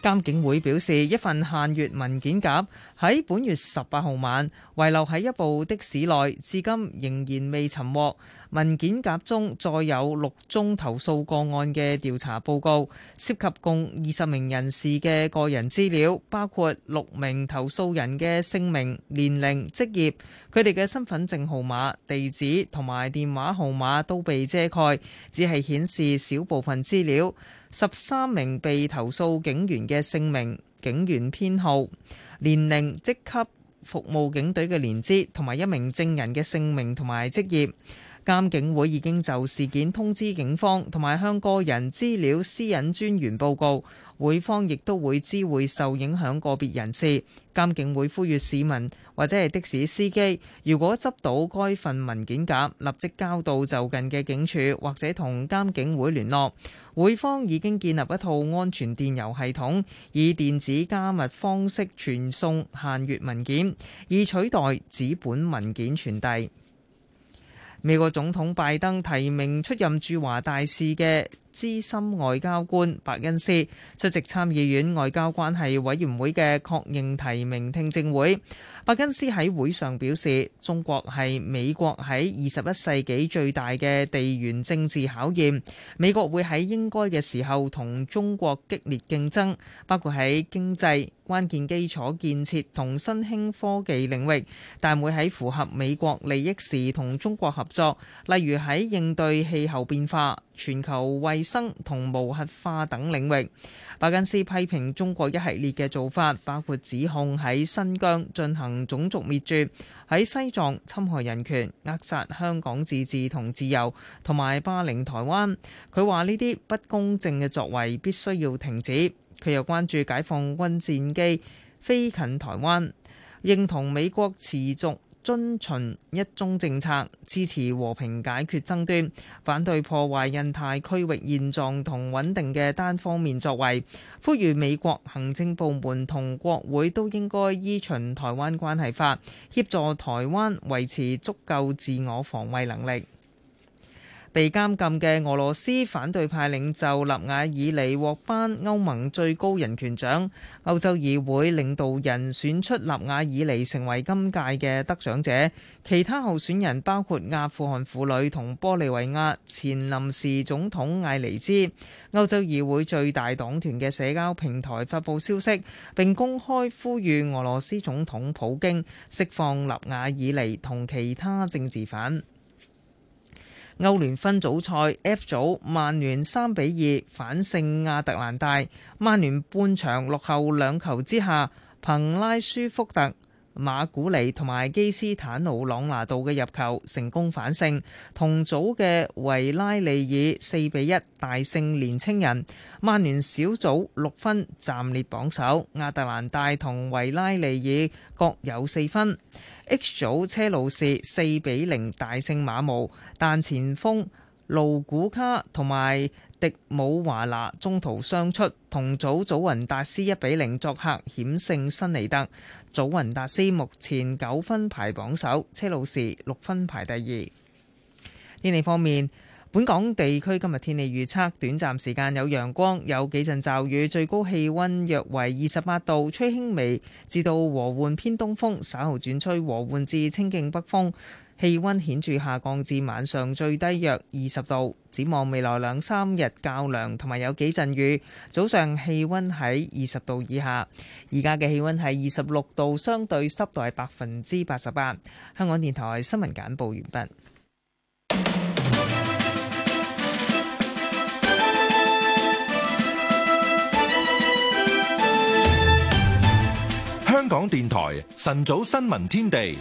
監警會表示，一份限月文件夾喺本月十八號晚遺留喺一部的士內，至今仍然未尋獲。文件夾中載有六宗投訴個案嘅調查報告，涉及共二十名人士嘅個人資料，包括六名投訴人嘅姓名、年齡、職業，佢哋嘅身份證號碼、地址同埋電話號碼都被遮蓋，只係顯示少部分資料。十三名被投訴警員嘅姓名、警員編號、年齡、職級、服務警隊嘅年資同埋一名證人嘅姓名同埋職業。監警會已經就事件通知警方，同埋向個人資料私隱專員報告。會方亦都會知會受影響個別人士，監警會呼籲市民或者係的士司機，如果執到該份文件夾，立即交到就近嘅警署或者同監警會聯絡。會方已經建立一套安全電郵系統，以電子加密方式傳送限閱文件，以取代紙本文件傳遞。美國總統拜登提名出任駐華大使嘅資深外交官白恩斯出席參議院外交關係委員會嘅確認提名聽證會。白恩斯喺會上表示，中國係美國喺二十一世紀最大嘅地緣政治考驗。美國會喺應該嘅時候同中國激烈競爭，包括喺經濟關鍵基礎建設同新興科技領域，但會喺符合美國利益時同中國合作，例如喺應對氣候變化，全球衞生同無核化等領域，伯恩斯批評中國一系列嘅做法，包括指控喺新疆進行種族滅絕，喺西藏侵害人權、扼殺香港自治同自由，同埋霸凌台灣。佢話呢啲不公正嘅作為必須要停止。佢又關注解放軍戰機飛近台灣，認同美國持續，遵循一中政策，支持和平解決爭端，反對破壞印太區域現狀同穩定嘅單方面作為，呼籲美國行政部門同國會都應該依循《台灣關係法》，協助台灣維持足夠自我防衛能力。被監禁嘅俄羅斯反對派領袖納瓦爾尼獲頒歐盟最高人權獎。歐洲議會領導人選出納瓦爾尼成為今屆嘅得獎者，其他候選人包括阿富汗婦女同玻利維亞前臨時總統艾尼茲。歐洲議會最大黨團嘅社交平台發布消息，並公開呼籲俄羅斯總統普京釋放納瓦爾尼同其他政治犯。歐聯分組賽 F 組，曼聯三比二反勝亞特蘭大。曼聯半場落後兩球之下，憑拉舒福特，馬古尼同埋基斯坦奴·朗拿度嘅入球成功反勝，同組嘅維拉利爾四比一大勝年青人。曼聯小組六分暫列榜首，亞特蘭大同維拉利爾各有四分。H 組車路士四比零大勝馬毛，但前鋒盧古卡同埋迪姆華拿中途傷出，同組祖雲達斯一比零作客險勝新尼特。祖雲達斯目前九分排榜首，車路士六分排第二。天氣方面，本港地區今日天氣預測，短暫時間有陽光，有幾陣驟雨，最高氣温約為二十八度，吹輕微至到和緩偏東風，稍後轉吹和緩至清勁北風。氣溫顯著下降至晚上最低約二十度，展望未來兩三日較涼，同埋有幾陣雨。早上氣溫喺二十度以下，而家嘅氣溫係二十六度，相對濕度係百分之八十八。香港電台新聞簡報完畢。香港電台晨早新聞天地。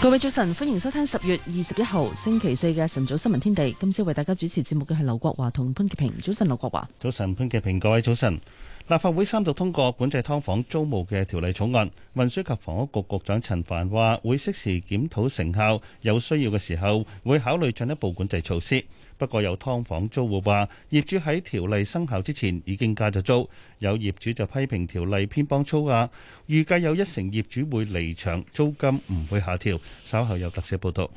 各位早晨，歡迎收聽十月二十一號星期四嘅晨早新聞天地。今朝為大家主持節目嘅係劉國華同潘潔平。早晨，劉國華。早晨，潘潔平。各位早晨。立法會三讀通過管制劏房租務嘅條例草案。運輸及房屋局局長陳帆話，會適時檢討成效，有需要嘅時候會考慮進一步管制措施。不過有劏房租戶話，業主喺條例生效之前已經加咗租，有業主就批評條例偏幫租客。預計有一成業主會離場，租金唔會下調。稍後有特寫報道。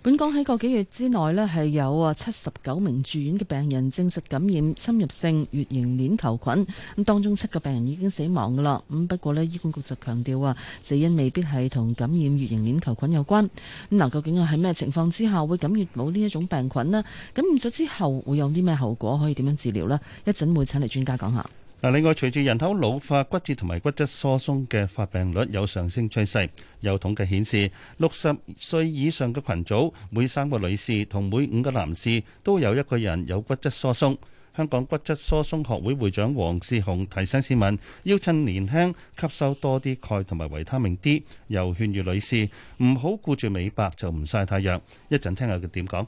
本港喺個幾月之內呢，係有啊七十九名住院嘅病人證實感染侵入性乙型鏈球菌，咁當中七個病人已經死亡㗎啦。咁不過呢，醫管局就強調啊，死因未必係同感染乙型鏈球菌有關。咁究竟係咩情況之下會感染冇呢一種病菌呢？咁咗之後會有啲咩後果？可以點樣治療呢？一陣會請嚟專家講下。嗱，另外隨住人口老化，骨折同埋骨質疏鬆嘅發病率有上升趨勢。有統計顯示，六十歲以上嘅群組，每三個女士同每五個男士都有一個人有骨質疏鬆。香港骨質疏鬆學會會長黃志雄提醒市民，要趁年輕吸收多啲鈣同埋維他命 D。又勸喻女士唔好顧住美白就唔曬太陽。一陣聽下佢點講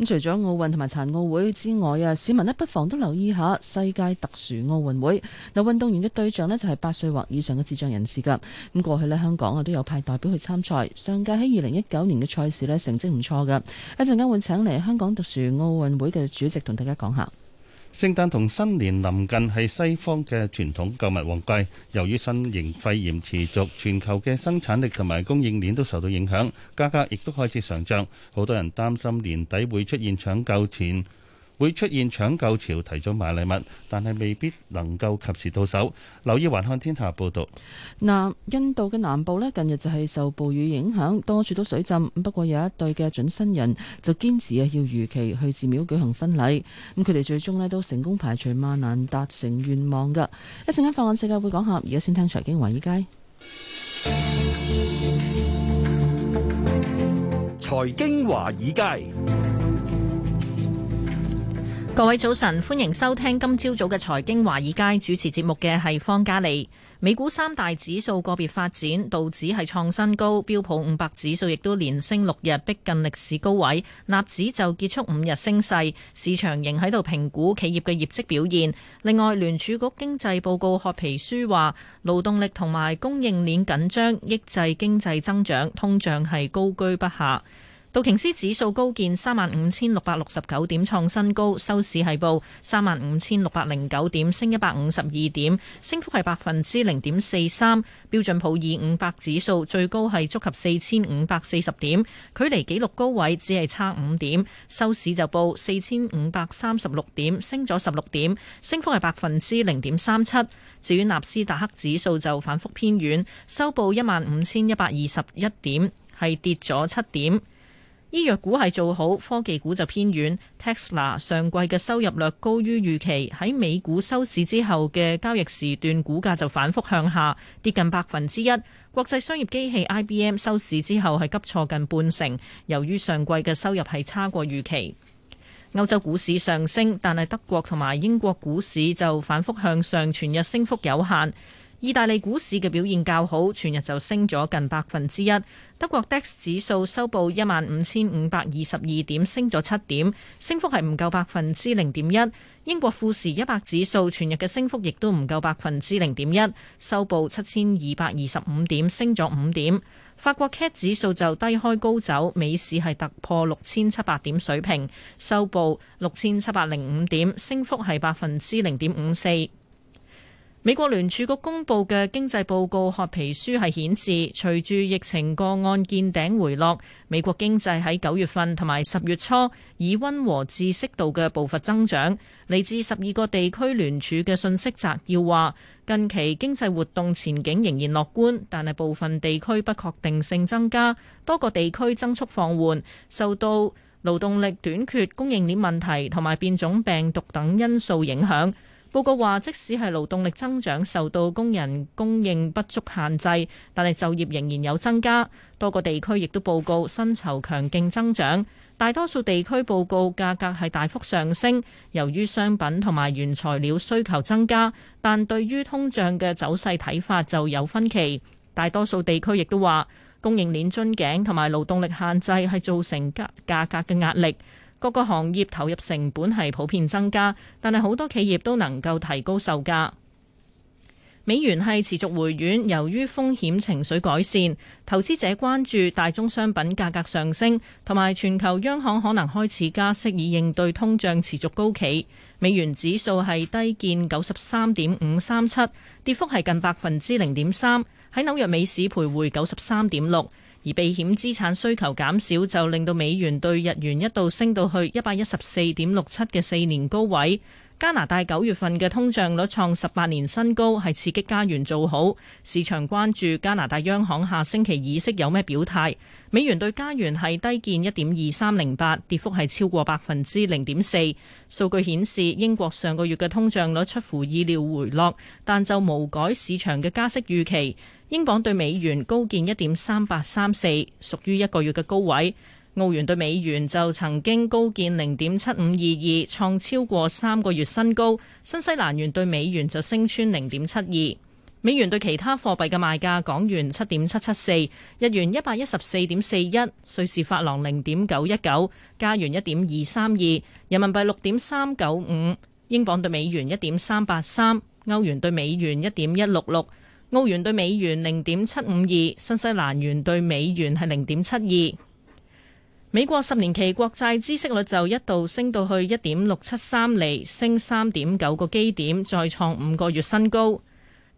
咁。除咗奧運同埋殘奧會之外啊，市民咧不妨都留意下世界特殊奧運會嗱。運動員嘅對象咧就係八歲或以上嘅智障人士㗎。咁過去咧，香港啊都有派代表去參賽，上屆喺二零一九年嘅賽事咧，成績唔錯嘅。一陣間會請嚟香港特殊奧運會嘅主席同大家講下。聖誕同新年臨近係西方嘅傳統購物旺季，由於新型肺炎持續，全球嘅生產力同埋供應鏈都受到影響，價格亦都開始上漲，好多人擔心年底會出現搶購潮。會出現搶購潮，提早買禮物，但係未必能夠及時到手。留意《環看天下》報道。南印度嘅南部咧，近日就係受暴雨影響，多處都水浸。不過有一對嘅準新人就堅持啊，要如期去寺廟舉行婚禮。咁佢哋最終咧都成功排除萬難達願，達成願望噶。一陣間《放眼世界》會講下，而家先聽財經華爾街。財經華爾街。各位早晨，歡迎收聽今朝早嘅財經華爾街，主持節目嘅係方嘉利。美股三大指數個別發展，道指係創新高，標普五百指數亦都連升六日，逼近歷史高位，納指就結束五日升勢。市場仍喺度評估企業嘅業績表現。另外，聯儲局經濟報告褐皮書話，勞動力同埋供應鏈緊張，抑制經濟增長，通脹係高居不下。道瓊斯指數高見三萬五千六百六十九點，創新高，收市係報三萬五千六百零九點，升一百五十二點，升幅係百分之零點四三。標準普爾五百指數最高係觸及四千五百四十點，距離紀錄高位只係差五點，收市就報四千五百三十六點，升咗十六點，升幅係百分之零點三七。至於納斯達克指數就反覆偏軟，收報一萬五千一百二十一點，係跌咗七點。醫藥股係做好，科技股就偏軟。Tesla 上季嘅收入略高於預期，喺美股收市之後嘅交易時段，股價就反覆向下，跌近百分之一。國際商業機器 IBM 收市之後係急挫近半成，由於上季嘅收入係差過預期。歐洲股市上升，但係德國同埋英國股市就反覆向上，全日升幅有限。意大利股市嘅表現較好，全日就升咗近百分之一。德國 DAX 指數收報一萬五千五百二十二點，升咗七點，升幅係唔夠百分之零點一。英國富時一百指數全日嘅升幅亦都唔夠百分之零點一，收報七千二百二十五點，升咗五點。法國 CAC 指數就低開高走，美市係突破六千七百點水平，收報六千七百零五點，升幅係百分之零點五四。美國聯儲局公布嘅經濟報告褐皮書係顯示，隨住疫情個案見頂回落，美國經濟喺九月份同埋十月初以溫和至適度嘅步伐增長。嚟自十二個地區聯儲嘅信息摘要話，近期經濟活動前景仍然樂觀，但係部分地區不確定性增加，多個地區增速放緩，受到勞動力短缺、供應鏈問題同埋變種病毒等因素影響。報告話，即使係勞動力增長受到工人供應不足限制，但係就業仍然有增加。多個地區亦都報告薪酬強勁增長，大多數地區報告價格係大幅上升，由於商品同埋原材料需求增加。但對於通脹嘅走勢睇法就有分歧。大多數地區亦都話，供應鏈樽頸同埋勞動力限制係造成價格嘅壓力。各個行業投入成本係普遍增加，但係好多企業都能夠提高售價。美元係持續回軟，由於風險情緒改善，投資者關注大宗商品價格上升，同埋全球央行可能開始加息以應對通脹持續高企。美元指數係低見九十三點五三七，跌幅係近百分之零點三。喺紐約美市徘徊九十三點六。而避險資產需求減少，就令到美元對日元一度升到去一百一十四點六七嘅四年高位。加拿大九月份嘅通脹率創十八年新高，係刺激加元做好。市場關注加拿大央行下星期議息有咩表態。美元對加元係低見一點二三零八，跌幅係超過百分之零點四。數據顯示英國上個月嘅通脹率出乎意料回落，但就無改市場嘅加息預期。英鎊對美元高見一點三八三四，屬於一個月嘅高位。澳元對美元就曾經高見零點七五二二，創超過三個月新高。新西蘭元對美元就升穿零點七二。美元對其他貨幣嘅賣價：港元七點七七四，日元一百一十四點四一，瑞士法郎零點九一九，加元一點二三二，人民幣六點三九五，英鎊對美元一點三八三，歐元對美元一點一六六。澳元對美元零點七五二，新西蘭元對美元係零點七二。美國十年期國債孳息率就一度升到去一點六七三厘，升三點九個基點，再創五個月新高。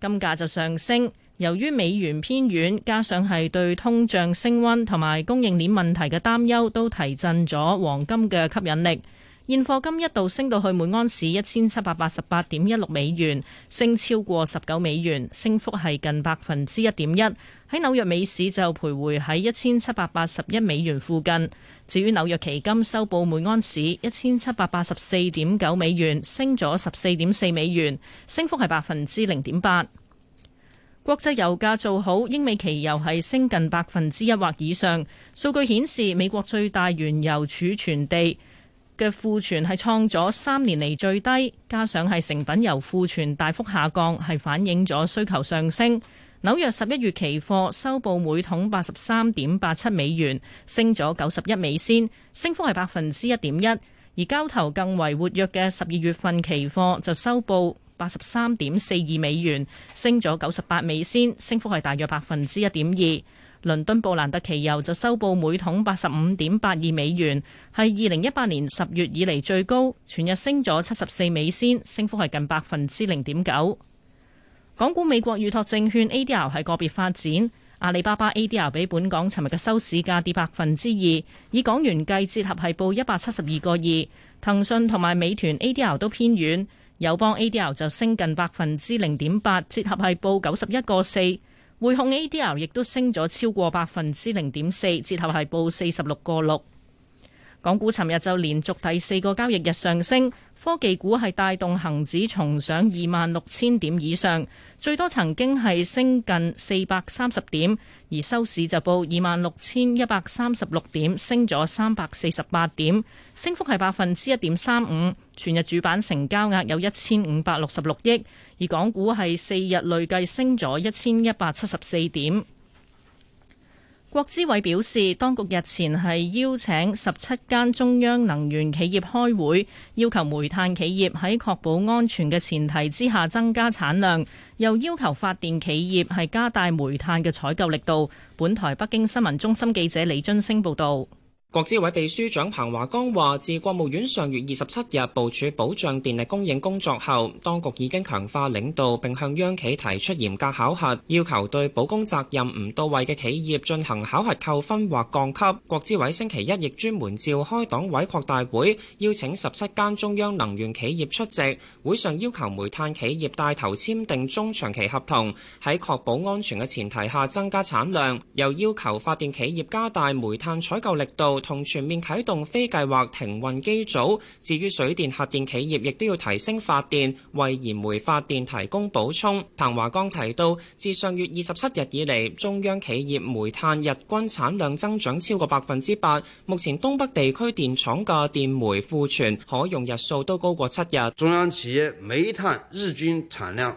金價就上升，由於美元偏軟，加上係對通脹升溫同埋供應鏈問題嘅擔憂，都提振咗黃金嘅吸引力。現貨金一度升到去每盎司一千七百八十八點一六美元，升超過十九美元，升幅係近百分之一點一。喺紐約美市就徘徊喺一千七百八十一美元附近。至於紐約期金收報每盎司一千七百八十四點九美元，升咗十四點四美元，升幅係百分之零點八。國際油價做好，英美期油係升近百分之一或以上。數據顯示，美國最大原油儲存地。嘅庫存係創咗三年嚟最低，加上係成品油庫存大幅下降，係反映咗需求上升。紐約十一月期貨收報每桶八十三點八七美元，升咗九十一美仙，升幅係百分之一點一。而交投更為活躍嘅十二月份期貨就收報八十三點四二美元，升咗九十八美仙，升幅係大約百分之一點二。倫敦布蘭特期油就收報每桶八十五點八二美元，係二零一八年十月以嚟最高，全日升咗七十四美仙，升幅係近百分之零點九。港股美國預託證券 ADR 係個別發展，阿里巴巴 ADR 比本港尋日嘅收市價跌百分之二，以港元計折 2. 2，折合係報一百七十二個二。騰訊同埋美團 ADR 都偏軟，友邦 ADR 就升近百分之零點八，折合係報九十一個四。匯控 A.D.R. 亦都升咗超過百分之零點四，折合係報四十六個六。港股尋日就連續第四個交易日上升，科技股係帶動恒指重上二萬六千點以上，最多曾經係升近四百三十點，而收市就報二萬六千一百三十六點，升咗三百四十八點，升幅係百分之一點三五。全日主板成交額有一千五百六十六億。而港股係四日累計升咗一千一百七十四點。國資委表示，當局日前係邀請十七間中央能源企業開會，要求煤炭企業喺確保安全嘅前提之下增加產量，又要求發電企業係加大煤炭嘅採購力度。本台北京新聞中心記者李津升報道。國資委秘書長彭華崗話，自國務院上月二十七日部署保障電力供應工作後，當局已經強化領導，並向央企提出嚴格考核，要求對保供責任唔到位嘅企業進行考核扣分或降級。國資委星期一亦專門召開黨委擴大會，邀請十七間中央能源企業出席。會上要求煤炭企業帶頭簽訂中長期合同，喺確保安全嘅前提下增加產量，又要求發電企業加大煤炭採購力度。同全面啟動非計劃停運機組。至於水電、核電企業，亦都要提升發電，為燃煤發電提供補充。彭華剛提到，自上月二十七日以來，中央企業煤炭日均產量增長超過百分之八。目前東北地區電廠嘅電煤庫存可用日數都高過七日。中央企業煤炭日均產量。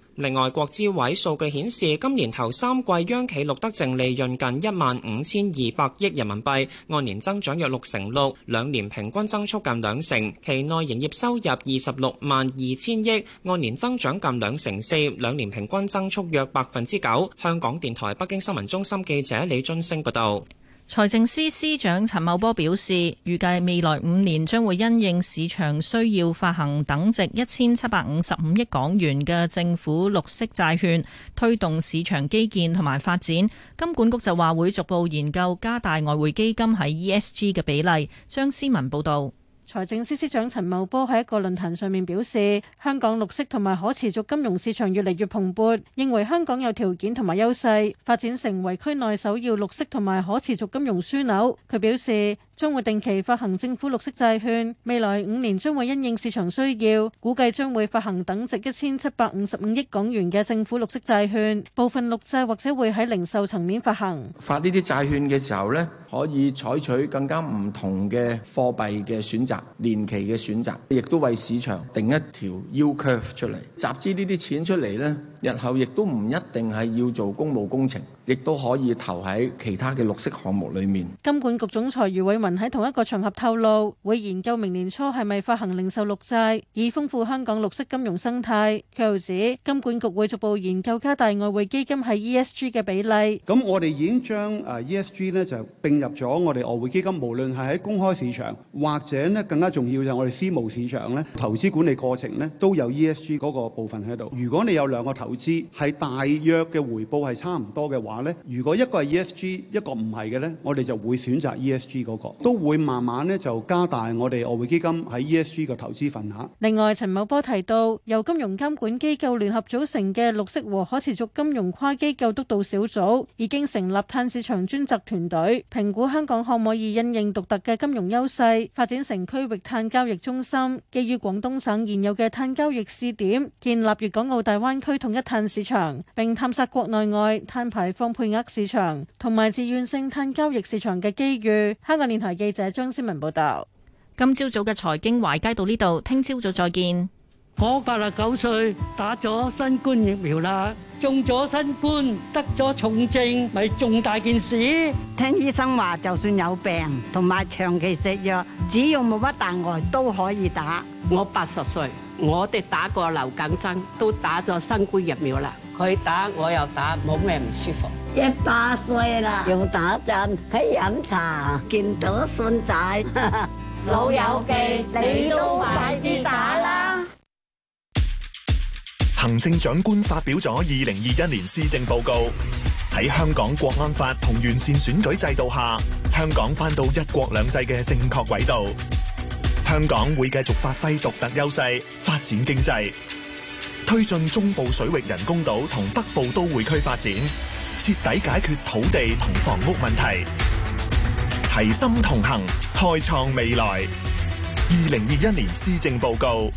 另外，國資委數據顯示，今年頭三季央企錄得淨利潤近一萬五千二百億人民幣，按年增長約六成六，兩年平均增速近兩成。期內營業收入二十六萬二千億，按年增長近兩成四，兩年平均增速約百分之九。香港電台北京新聞中心記者李津星報道。財政司司長陳茂波表示，預計未來五年將會因應市場需要發行等值一千七百五十五億港元嘅政府綠色債券，推動市場基建同埋發展。金管局就話會逐步研究加大外匯基金喺 ESG 嘅比例。張思文報道。財政司司長陳茂波喺一個論壇上面表示，香港綠色同埋可持續金融市場越嚟越蓬勃，認為香港有條件同埋優勢，發展成為區內首要綠色同埋可持續金融樞紐。佢表示，將會定期發行政府綠色債券，未來五年將會因應市場需要，估計將會發行等值一千七百五十五億港元嘅政府綠色債券，部分綠債或者會喺零售層面發行。發呢啲債券嘅時候呢，可以採取更加唔同嘅貨幣嘅選擇、年期嘅選擇，亦都為市場定一條 U curve 出嚟，集資呢啲錢出嚟呢。日後亦都唔一定係要做公路工程，亦都可以投喺其他嘅綠色項目裏面。金管局總裁余偉文喺同一個場合透露，會研究明年初係咪發行零售綠債，以豐富香港綠色金融生態。佢又指金管局會逐步研究加大外匯基金喺 ESG 嘅比例。咁我哋已經將誒 ESG 咧就並入咗我哋外匯基金，無論係喺公開市場或者咧，更加重要就係我哋私募市場咧，投資管理過程咧，都有 ESG 嗰個部分喺度。如果你有兩個投投資係大約嘅回報係差唔多嘅話呢，如果一個係 ESG，一個唔係嘅呢，我哋就會選擇 ESG 嗰個，都會慢慢呢就加大我哋外匯基金喺 ESG 嘅投資份額。另外，陳茂波提到，由金融監管機構聯合組成嘅綠色和可持續金融跨機構督導小組已經成立碳市場專責團隊，評估香港可唔可以因應獨特嘅金融優勢，發展成區域碳交易中心，基於廣東省現有嘅碳交易試點，建立粵港澳大灣區統一碳市場，並探索國內外碳排放配額市場同埋自願性碳交易市場嘅機遇。香港電台記者張思文報道。今朝早嘅財經懷街到呢度，聽朝早再見。我八十九歲，打咗新冠疫苗啦，中咗新冠，得咗重症，咪重大件事。聽醫生話，就算有病同埋長期食藥，只要冇乜大礙都可以打。我八十歲。我哋打過流感針，都打咗新冠疫苗啦。佢打，我又打，冇咩唔舒服。一百歲啦，又打針。喺飲茶見到孫仔，老友記，你都快啲打啦！行政長官發表咗二零二一年施政報告。喺香港國安法同完善選舉制度下，香港返到一國兩制嘅正確軌道。香港會繼續發揮獨特優勢，發展經濟，推進中部水域人工島同北部都會區發展，徹底解決土地同房屋問題，齊心同行，開創未來。二零二一年施政報告。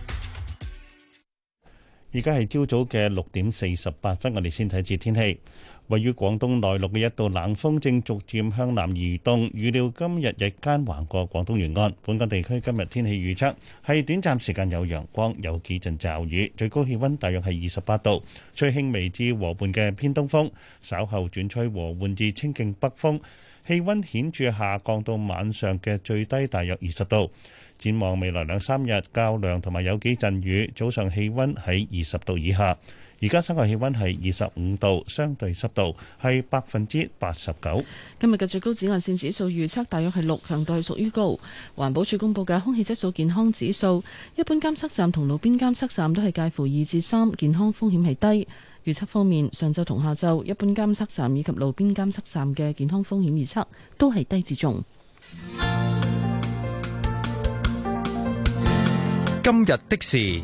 而家係朝早嘅六點四十八分，我哋先睇一節天氣。位於廣東內陸嘅一道冷鋒正逐漸向南移動，預料今日日間橫過廣東沿岸。本港地區今日天氣預測係短暫時間有陽光，有幾陣驟雨，最高氣温大約係二十八度，吹輕微至和緩嘅偏東風，稍後轉吹和緩至清勁北風，氣温顯著下降到晚上嘅最低大約二十度。展望未來兩三日較涼，同埋有幾陣雨，早上氣温喺二十度以下。而家室外氣溫係二十五度，相對濕度係百分之八十九。今日嘅最高紫外綫指數預測大約係六強度，屬於高。環保署公布嘅空氣質素健康指數，一般監測站同路邊監測站都係介乎二至三，健康風險係低。預測方面，上晝同下晝，一般監測站以及路邊監測站嘅健康風險預測都係低至中。今日的事。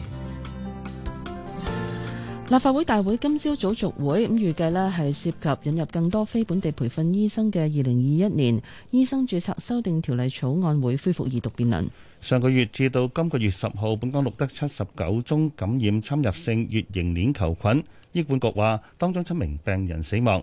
立法會大會今朝早續會，咁預計呢係涉及引入更多非本地培訓醫生嘅二零二一年醫生註冊修訂條例草案會恢復二讀辯論。上個月至到今個月十號，本港錄得七十九宗感染侵入性乙型鏈球菌，醫管局話當中七名病人死亡。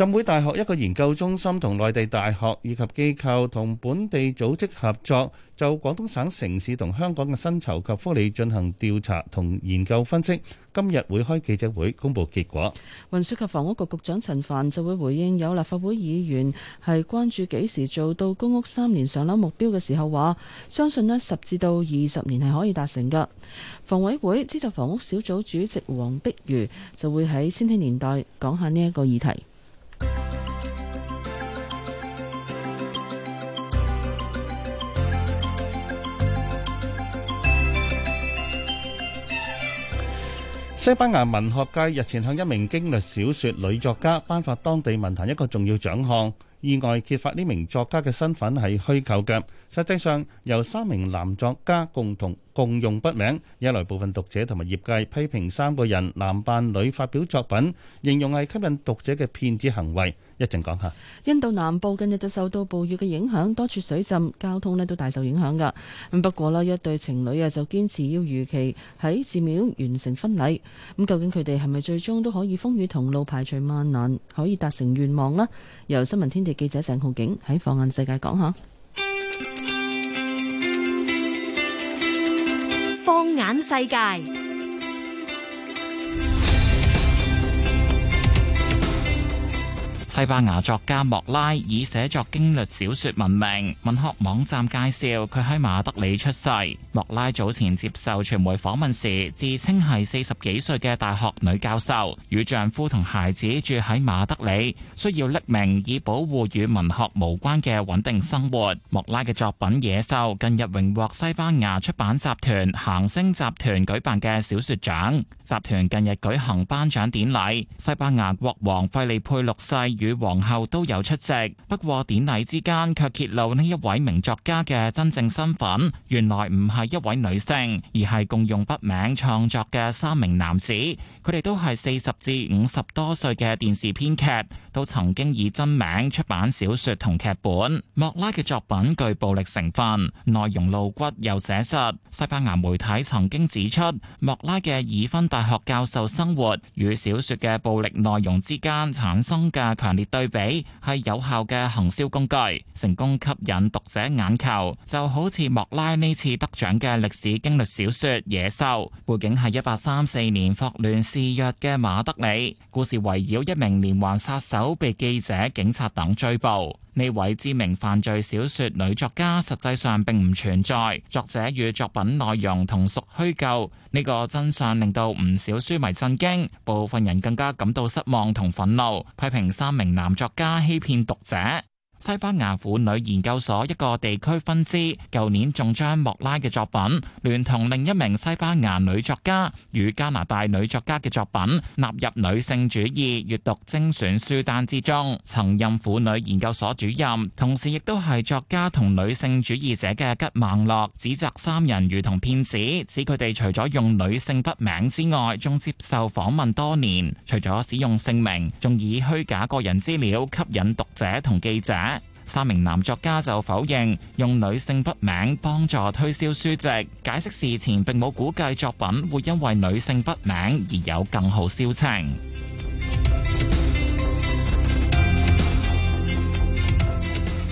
浸會大學一個研究中心同內地大學以及機構同本地組織合作，就廣東省城市同香港嘅薪酬及福利進行調查同研究分析。今日會開記者會公佈結果。運輸及房屋局局長陳帆就會回應有立法會議員係關注幾時做到公屋三年上樓目標嘅時候，話相信呢十至到二十年係可以達成嘅。房委會資助房屋小組主席黃碧如就會喺千禧年代講下呢一個議題。西班牙文學界日前向一名驚慄小說女作家頒發當地文壇一個重要獎項。意外揭發呢名作家嘅身份係虛構嘅，實際上由三名男作家共同共用筆名，引來部分讀者同埋業界批評三個人男扮女發表作品，形容係吸引讀者嘅騙子行為。一陣講下。印度南部近日就受到暴雨嘅影響，多處水浸，交通呢都大受影響㗎。咁不過呢一對情侶啊就堅持要如期喺寺廟完成婚禮。咁究竟佢哋係咪最終都可以風雨同路，排除萬難，可以達成願望呢？由新聞天地。記者鄭浩景喺放眼世界講下，放眼世界。西班牙作家莫拉以寫作驚慄小說聞名。文學網站介紹，佢喺馬德里出世。莫拉早前接受傳媒訪問時，自稱係四十幾歲嘅大學女教授，與丈夫同孩子住喺馬德里，需要匿名以保護與文學無關嘅穩定生活。莫拉嘅作品《野獸》近日榮獲西班牙出版集團行星集團舉辦嘅小說獎。集團近日舉行頒獎典禮，西班牙國王費利佩六世。與皇后都有出席，不過典禮之間卻揭露呢一位名作家嘅真正身份，原來唔係一位女性，而係共用筆名創作嘅三名男子。佢哋都係四十至五十多歲嘅電視編劇，都曾經以真名出版小說同劇本。莫拉嘅作品具暴力成分，內容露骨又寫實。西班牙媒體曾經指出，莫拉嘅已婚大學教授生活與小說嘅暴力內容之間產生嘅強。強烈對比係有效嘅行銷工具，成功吸引讀者眼球。就好似莫拉呢次得獎嘅歷史驚慄小說《野獸》，背景係一八三四年霍亂肆虐嘅馬德里，故事圍繞一名連環殺手被記者、警察等追捕。呢位知名犯罪小說女作家實際上並唔存在，作者與作品內容同屬虛構。呢個真相令到唔少書迷震驚，部分人更加感到失望同憤怒，批評三。名男作家欺騙讀者。西班牙婦女研究所一個地區分支，舊年仲將莫拉嘅作品，聯同另一名西班牙女作家與加拿大女作家嘅作品納入女性主義閱讀精選書單之中。曾任婦女研究所主任，同時亦都係作家同女性主義者嘅吉孟樂指責三人如同騙子，指佢哋除咗用女性筆名之外，仲接受訪問多年，除咗使用姓名，仲以虛假個人資料吸引讀者同記者。三名男作家就否認用女性筆名幫助推銷書籍，解釋事前並冇估計作品會因為女性筆名而有更好銷情。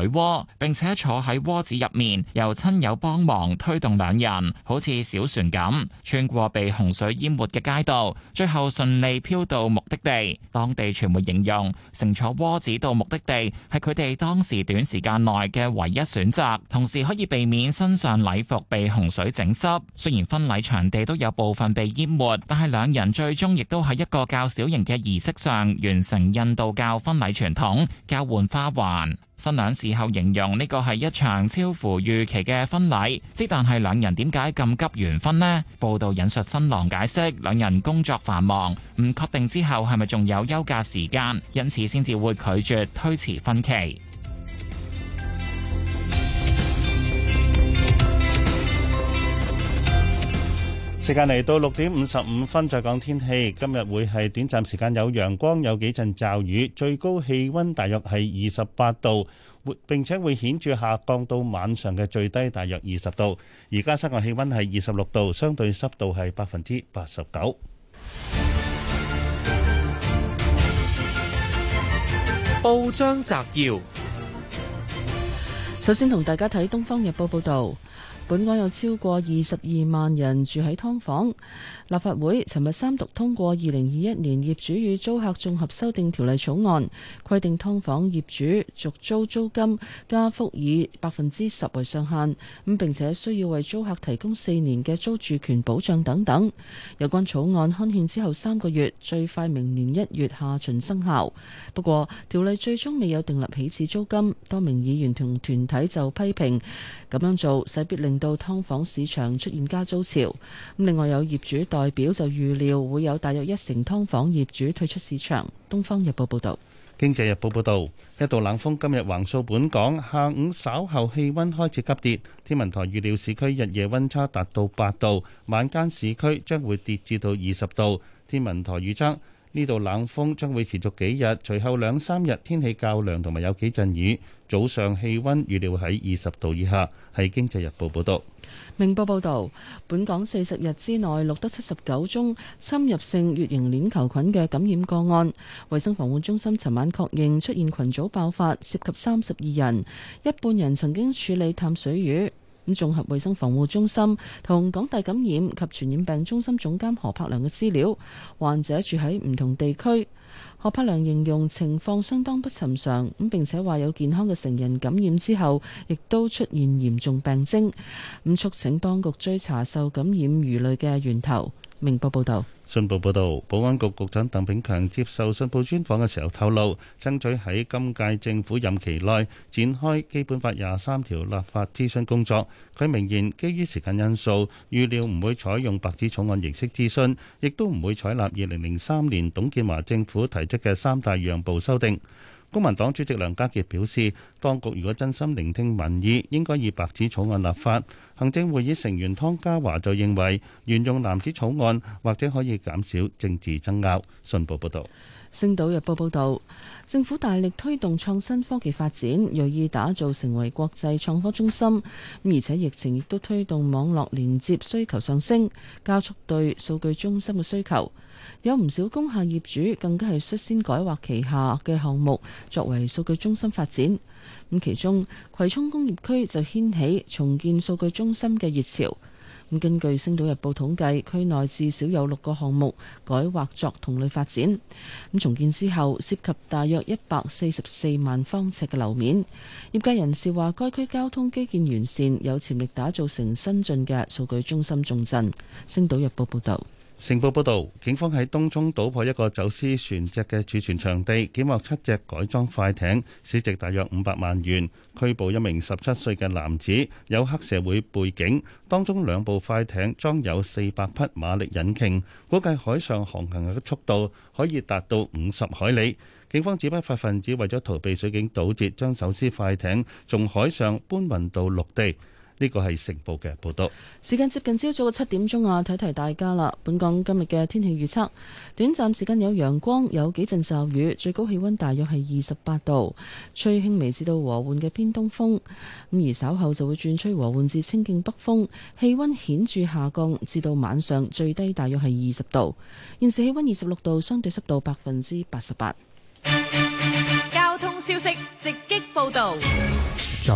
水窩，並且坐喺窩子入面，由親友幫忙推動兩人，好似小船咁穿過被洪水淹沒嘅街道，最後順利漂到目的地。當地傳媒形容乘坐窩子到目的地係佢哋當時短時間內嘅唯一選擇，同時可以避免身上禮服被洪水整濕。雖然婚禮場地都有部分被淹沒，但係兩人最終亦都喺一個較小型嘅儀式上完成印度教婚禮傳統交換花環。新娘事後形容呢個係一場超乎預期嘅婚禮，即但係兩人點解咁急完婚呢？報道引述新郎解釋，兩人工作繁忙，唔確定之後係咪仲有休假時間，因此先至會拒絕推遲婚期。時間嚟到六點五十五分，再講天氣。今日會係短暫時間有陽光，有幾陣驟雨，最高氣温大約係二十八度，並且會顯著下降到晚上嘅最低大約二十度。而家室外氣温係二十六度，相對濕度係百分之八十九。報章摘要：首先同大家睇《東方日報》報道。本港有超過二十二萬人住喺劏房。立法會尋日三讀通過《二零二一年業主與租客綜合修訂條例草案》，規定劏房業主續租租金加幅以百分之十為上限，咁並且需要為租客提供四年嘅租住權保障等等。有關草案刊憲之後三個月，最快明年一月下旬生效。不過條例最終未有訂立起始租金，多名議員同團體就批評咁樣做，勢必，必令到劏房市場出現加租潮，咁另外有業主代表就預料會有大約一成劏房業主退出市場。《東方日報》報導，《經濟日報》報導，一度冷風今日橫掃本港，下午稍後氣温開始急跌。天文台預料市區日夜温差達到八度，晚間市區將會跌至到二十度。天文台預測。呢度冷風將會持續幾日，隨後兩三日天氣較涼，同埋有幾陣雨。早上氣温預料喺二十度以下。係經濟日報報道。明報報道，本港四十日之內錄得七十九宗侵入性月形鏈球菌嘅感染個案。衛生防護中心尋晚確認出現群組爆發，涉及三十二人，一半人曾經處理淡水魚。咁綜合衞生防護中心同港大感染及傳染病中心總監何柏良嘅資料，患者住喺唔同地區。何柏良形容情況相當不尋常，咁並且話有健康嘅成人感染之後，亦都出現嚴重病徵，咁促請當局追查受感染魚類嘅源頭。明報報導，信報報導，保安局局長鄧炳強接受信報專訪嘅時候透露，爭取喺今屆政府任期內展開基本法廿三條立法諮詢工作。佢明言，基於時間因素，預料唔會採用白紙草案形式諮詢，亦都唔會採納二零零三年董建華政府提出嘅三大讓步修訂。公民黨主席梁家傑表示，當局如果真心聆聽民意，應該以白紙草案立法。行政會議成員湯家華就認為，沿用藍紙草案或者可以減少政治爭拗。信報報導，《星島日報》報導，政府大力推動創新科技發展，銳意打造成為國際創科中心。咁而且疫情亦都推動網絡連接需求上升，加速對數據中心嘅需求。有唔少工廈業主更加係率先改劃旗下嘅項目，作為數據中心發展。咁其中葵涌工業區就掀起重建數據中心嘅熱潮。咁根據《星島日報》統計，區內至少有六個項目改劃作同類發展。咁重建之後涉及大約一百四十四萬方呎嘅樓面。業界人士話，該區交通基建完善，有潛力打造成新進嘅數據中心重鎮。《星島日報》報道。成報報道，警方喺東涌搗破一個走私船隻嘅儲存場地，檢獲七隻改裝快艇，市值大約五百萬元，拘捕一名十七歲嘅男子，有黑社會背景。當中兩部快艇裝有四百匹馬力引擎，估計海上航行嘅速度可以達到五十海里。警方指不法分子為咗逃避水警堵截，將走私快艇從海上搬運到陸地。呢個係成報嘅報道。時間接近朝早嘅七點鐘啊，睇睇大家啦。本港今日嘅天氣預測，短暫時間有陽光，有幾陣驟雨，最高氣温大約係二十八度，吹輕微至到和緩嘅偏東風。咁而稍後就會轉吹和緩至清勁北風，氣温顯著下降，至到晚上最低大約係二十度。現時氣温二十六度，相對濕度百分之八十八。交通消息直擊報導。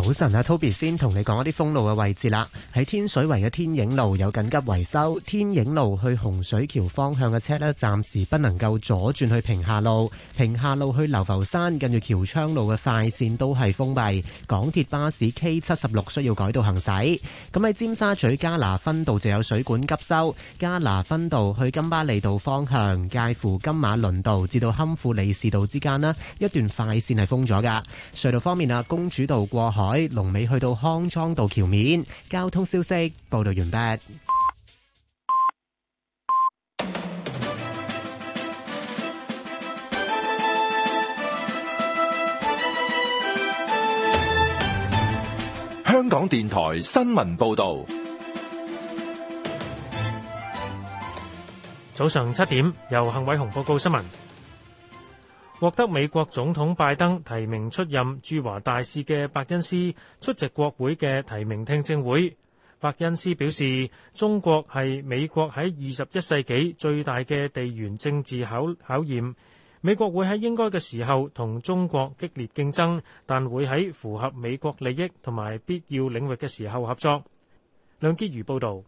早晨啊，Toby 先同你講一啲封路嘅位置啦。喺天水圍嘅天影路有緊急維修，天影路去洪水橋方向嘅車呢，暫時不能夠左轉去平下路。平下路去流浮山近住橋昌路嘅快線都係封閉。港鐵巴士 K 七十六需要改道行駛。咁喺尖沙咀加拿芬道就有水管急修。加拿芬道去金巴利道方向介乎金馬倫道至到堪富利士道之間呢，一段快線係封咗噶。隧道方面啊，公主道過海。喺龍尾去到康莊道橋面，交通消息報道完畢。香港電台新聞報道，早上七點，由幸偉雄報告新聞。獲得美國總統拜登提名出任駐華大使嘅伯恩斯出席國會嘅提名聽證會。伯恩斯表示，中國係美國喺二十一世紀最大嘅地緣政治考考驗。美國會喺應該嘅時候同中國激烈競爭，但會喺符合美國利益同埋必要領域嘅時候合作。梁潔如報道。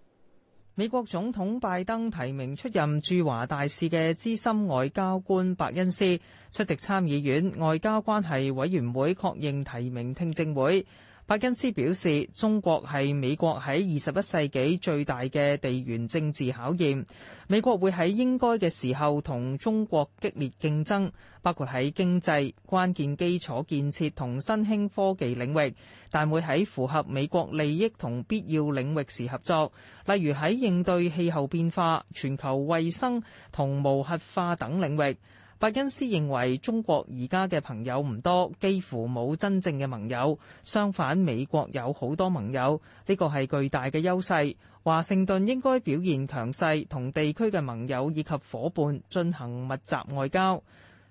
美國總統拜登提名出任駐華大使嘅資深外交官白恩斯出席參議院外交關係委員會確認提名聽證會。帕金斯表示，中國係美國喺二十一世紀最大嘅地緣政治考驗，美國會喺應該嘅時候同中國激烈競爭，包括喺經濟關鍵基礎建設同新興科技領域，但會喺符合美國利益同必要領域時合作，例如喺應對氣候變化、全球衛生同無核化等領域。伯恩斯認為中國而家嘅朋友唔多，幾乎冇真正嘅盟友。相反，美國有好多盟友，呢個係巨大嘅優勢。華盛頓應該表現強勢，同地區嘅盟友以及伙伴進行密集外交。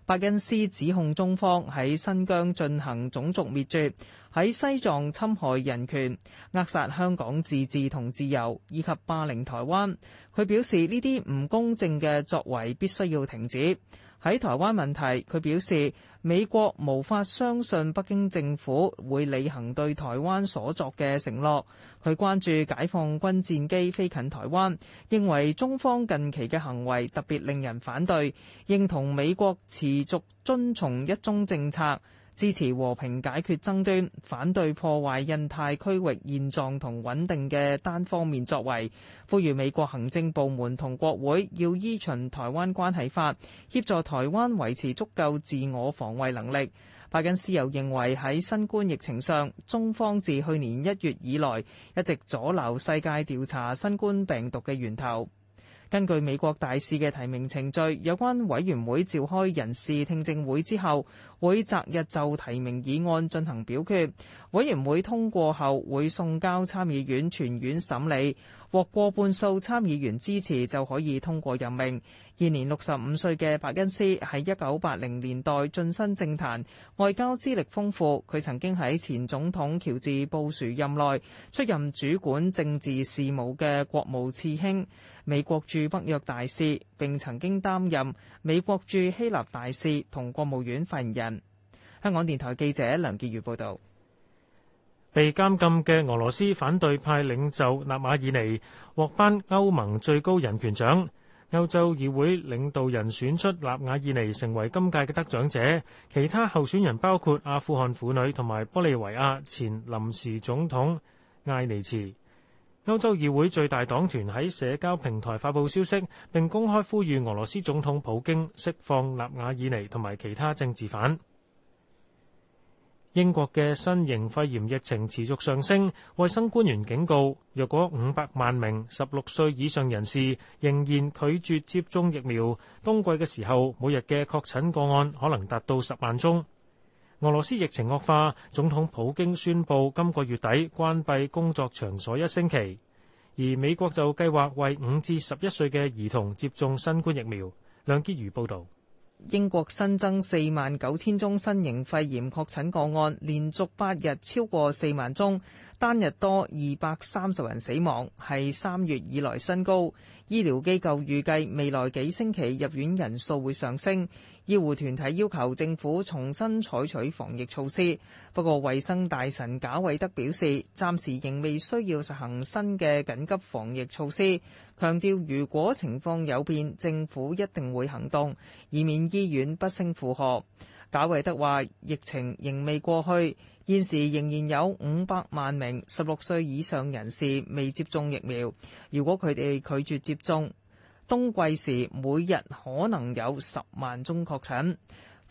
伯恩斯指控中方喺新疆進行種族滅絕，喺西藏侵害人權，扼殺香港自治同自由，以及霸凌台灣。佢表示呢啲唔公正嘅作為必須要停止。喺台灣問題，佢表示美國無法相信北京政府會履行對台灣所作嘅承諾。佢關注解放軍戰機飛近台灣，認為中方近期嘅行為特別令人反對，認同美國持續遵從一中政策。支持和平解決爭端，反對破壞印太區域現狀同穩定嘅單方面作為，呼籲美國行政部門同國會要依循《台灣關係法》，協助台灣維持足夠自我防衛能力。拜根斯又認為喺新冠疫情上，中方自去年一月以來一直阻撓世界調查新冠病毒嘅源頭。根據美國大使嘅提名程序，有關委員會召開人事聽證會之後，會擇日就提名議案進行表決。委員會通過後，會送交參議院全院審理，獲過半數參議員支持就可以通過任命。現年六十五歲嘅白恩斯喺一九八零年代晉身政壇，外交資歷豐富。佢曾經喺前總統喬治布殊任內出任主管政治事務嘅國務次卿、美國駐北約大使，並曾經擔任美國駐希臘大使同國務院發言人。香港電台記者梁潔如報道。被監禁嘅俄羅斯反對派領袖納瓦爾尼獲頒歐盟最高人權獎。歐洲議會領導人選出納瓦爾尼成為今屆嘅得獎者，其他候選人包括阿富汗婦女同埋玻利維亞前臨時總統艾尼茨。歐洲議會最大黨團喺社交平台發布消息，並公開呼籲俄羅斯總統普京釋放納瓦爾尼同埋其他政治犯。英國嘅新型肺炎疫情持續上升，衛生官員警告，若果五百萬名十六歲以上人士仍然拒絕接種疫苗，冬季嘅時候每日嘅確診個案可能達到十萬宗。俄羅斯疫情惡化，總統普京宣布今個月底關閉工作場所一星期，而美國就計劃為五至十一歲嘅兒童接種新冠疫苗。梁杰如報導。英國新增四萬九千宗新型肺炎確診個案，連續八日超過四萬宗。單日多二百三十人死亡，係三月以來新高。醫療機構預計未來幾星期入院人數會上升。醫護團體要求政府重新採取防疫措施。不過，衛生大臣賈偉德表示，暫時仍未需要實行新嘅緊急防疫措施，強調如果情況有變，政府一定會行動，以免醫院不勝負荷。賈偉德話：疫情仍未過去。現時仍然有五百萬名十六歲以上人士未接種疫苗，如果佢哋拒絕接種，冬季時每日可能有十萬宗確診，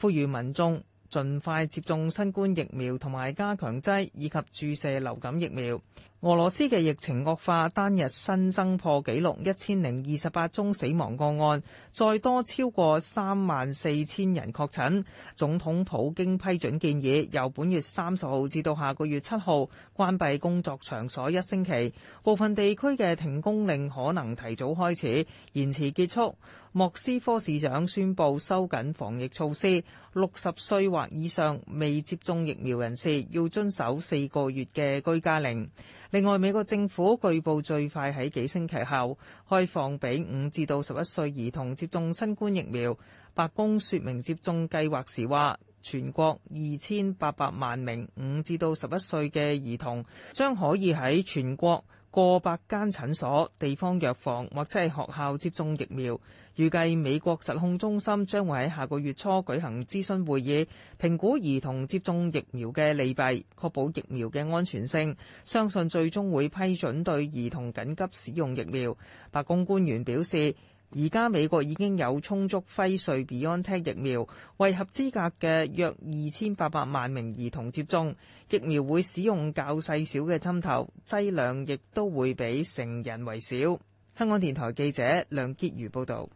呼籲民眾盡快接種新冠疫苗同埋加強劑，以及注射流感疫苗。俄羅斯嘅疫情惡化，單日新增破紀錄一千零二十八宗死亡個案，再多超過三萬四千人確診。總統普京批准建議，由本月三十號至到下個月七號關閉工作場所一星期，部分地區嘅停工令可能提早開始，延遲結束。莫斯科市長宣布收緊防疫措施，六十歲或以上未接種疫苗人士要遵守四個月嘅居家令。另外，美國政府據報最快喺幾星期後開放俾五至到十一歲兒童接種新冠疫苗。白宮説明接種計劃時話，全國二千八百萬名五至到十一歲嘅兒童將可以喺全國。過百間診所、地方藥房或者係學校接種疫苗。預計美國疾控中心將會喺下個月初舉行諮詢會議，評估兒童接種疫苗嘅利弊，確保疫苗嘅安全性。相信最終會批准對兒童緊急使用疫苗。白宮官員表示。而家美國已經有充足、輝瑞、BioNTech 疫苗，為合資格嘅約二千八百萬名兒童接種。疫苗會使用較細小嘅針頭，劑量亦都會比成人為少。香港電台記者梁潔如報導。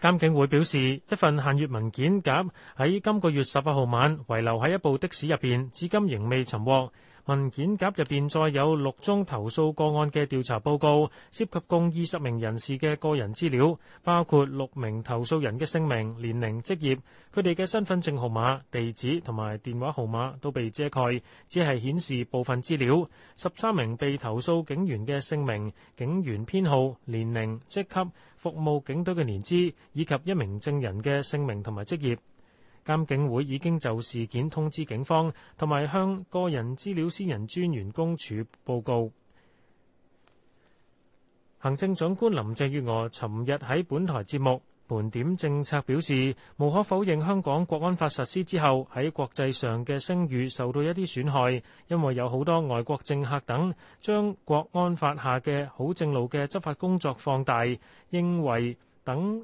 監警會表示，一份限月文件夾喺今個月十八號晚遺留喺一部的士入邊，至今仍未尋獲。文件夾入邊再有六宗投訴個案嘅調查報告，涉及共二十名人士嘅個人資料，包括六名投訴人嘅姓名、年齡、職業，佢哋嘅身份證號碼、地址同埋電話號碼都被遮蓋，只係顯示部分資料。十三名被投訴警員嘅姓名、警員編號、年齡、職級、服務警隊嘅年資，以及一名證人嘅姓名同埋職業。監警會已經就事件通知警方，同埋向個人資料私隱專員公署報告。行政長官林鄭月娥尋日喺本台節目盤點政策，表示無可否認香港國安法實施之後喺國際上嘅聲譽受到一啲損害，因為有好多外國政客等將國安法下嘅好正路嘅執法工作放大，認為等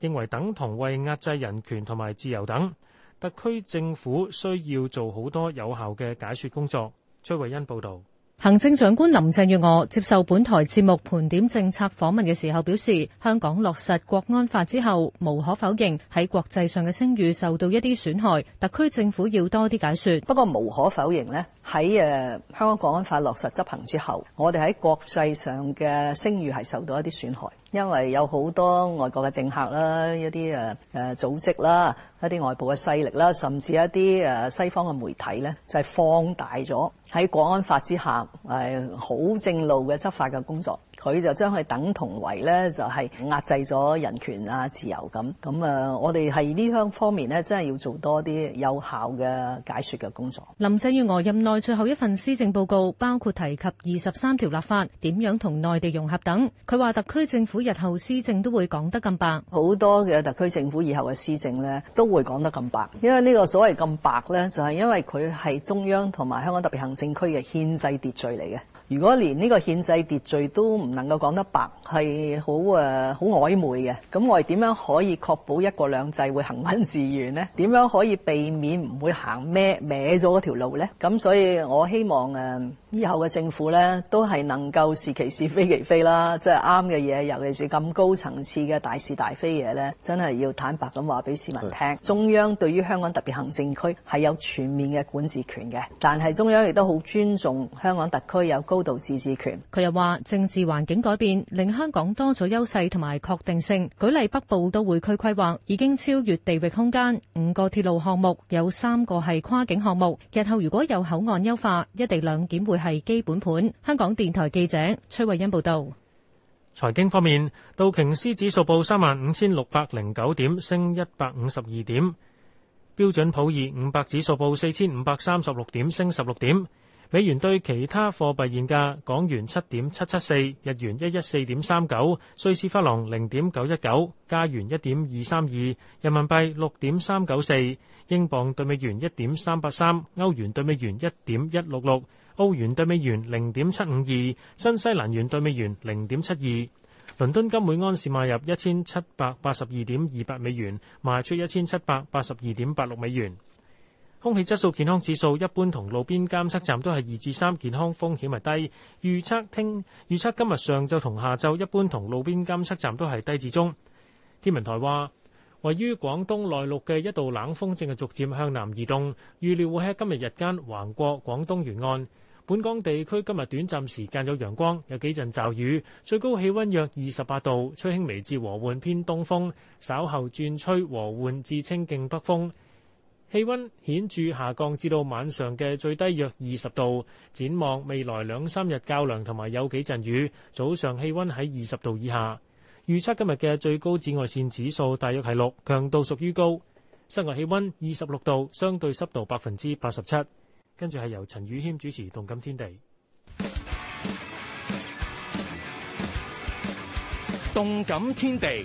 認為等同為壓制人權同埋自由等，特區政府需要做好多有效嘅解說工作。崔慧欣報道，行政長官林鄭月娥接受本台節目盤點政策訪問嘅時候表示，香港落實國安法之後，無可否認喺國際上嘅聲譽受到一啲損害，特區政府要多啲解說。不過無可否認咧，喺誒香港國安法落實執行之後，我哋喺國際上嘅聲譽係受到一啲損害。因為有好多外國嘅政客啦，一啲誒誒組織啦，一啲外部嘅勢力啦，甚至一啲誒西方嘅媒體咧，就係、是、放大咗喺《國安法》之下誒好正路嘅執法嘅工作。佢就將佢等同為咧，就係壓制咗人權啊、自由咁。咁啊，呃、我哋係呢方面咧，真係要做多啲有效嘅解説嘅工作。林鄭月娥任內最後一份施政報告，包括提及二十三條立法點樣同內地融合等。佢話特區政府日後施政都會講得咁白。好多嘅特區政府以後嘅施政呢，都會講得咁白。因為呢個所謂咁白呢，就係因為佢係中央同埋香港特別行政區嘅憲制秩序嚟嘅。如果連呢個憲制秩序都唔能夠講得白，係好誒好曖昧嘅，咁我哋點樣可以確保一國兩制會行穩致遠咧？點樣可以避免唔會行咩歪咗嗰條路咧？咁所以我希望誒。呃以後嘅政府咧，都係能夠是其是非其非啦，即係啱嘅嘢，尤其是咁高層次嘅大是大非嘢咧，真係要坦白咁話俾市民聽，中央對於香港特別行政區係有全面嘅管治權嘅，但係中央亦都好尊重香港特區有高度自治權，佢又話：政治環境改變令香港多咗優勢同埋確定性。舉例北部都會區規劃已經超越地域空間，五個鐵路項目有三個係跨境項目。日後如果有口岸優化，一地兩檢會。係基本盤。香港電台記者崔慧欣報道。財經方面，道瓊斯指數報三萬五千六百零九點，升一百五十二點。標準普爾五百指數報四千五百三十六點，升十六點。美元對其他貨幣現價：港元七點七七四，日元一一四點三九，瑞士法郎零點九一九，加元一點二三二，人民幣六點三九四，英鎊兌美元一點三八三，歐元兌美元一點一六六。歐元對美元零點七五二，新西蘭元對美元零點七二。倫敦金每安士買入一千七百八十二點二八美元，賣出一千七百八十二點八六美元。空氣質素健康指數一般，同路邊監測站都係二至三，健康風險係低。預測聽，預測今日上晝同下晝一般，同路邊監測站都係低至中。天文台話，位於廣東內陸嘅一道冷風正係逐漸向南移動，預料會喺今日日間橫過廣東沿岸。本港地區今日短暫時間有陽光，有幾陣驟雨，最高氣温約二十八度，吹輕微至和緩偏東風，稍後轉吹和緩至清勁北風，氣温顯著下降至到晚上嘅最低約二十度。展望未來兩三日較涼同埋有幾陣雨，早上氣温喺二十度以下。預測今日嘅最高紫外線指數大約係六，強度屬於高。室外氣温二十六度，相對濕度百分之八十七。跟住係由陳宇謙主持《動感天地》。動感天地，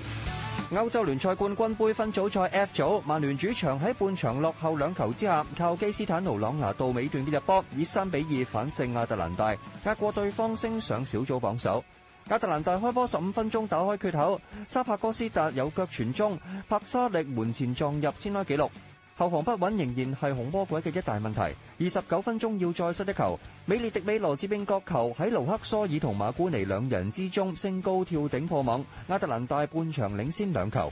歐洲聯賽冠軍盃分組賽 F 組，曼聯主場喺半場落後兩球之下，靠基斯坦奴·朗拿度尾段嘅入波，以三比二反勝亞特蘭大，壓過對方，升上小組榜首。亞特蘭大開波十五分鐘打開缺口，沙帕哥斯達有腳傳中，帕沙力門前撞入先開紀錄。後防不穩仍然係紅魔鬼嘅一大問題。二十九分鐘要再失一球，美列迪美羅接應角球喺盧克索爾同馬古尼兩人之中升高跳頂破網，亞特蘭大半場領先兩球。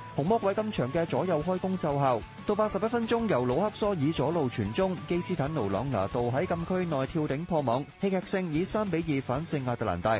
紅魔鬼今場嘅左右開弓奏效，到八十一分鐘由魯克蘇爾左路傳中，基斯坦奴朗拿度喺禁區內跳頂破網，戲劇性以三比二反勝亞特蘭大。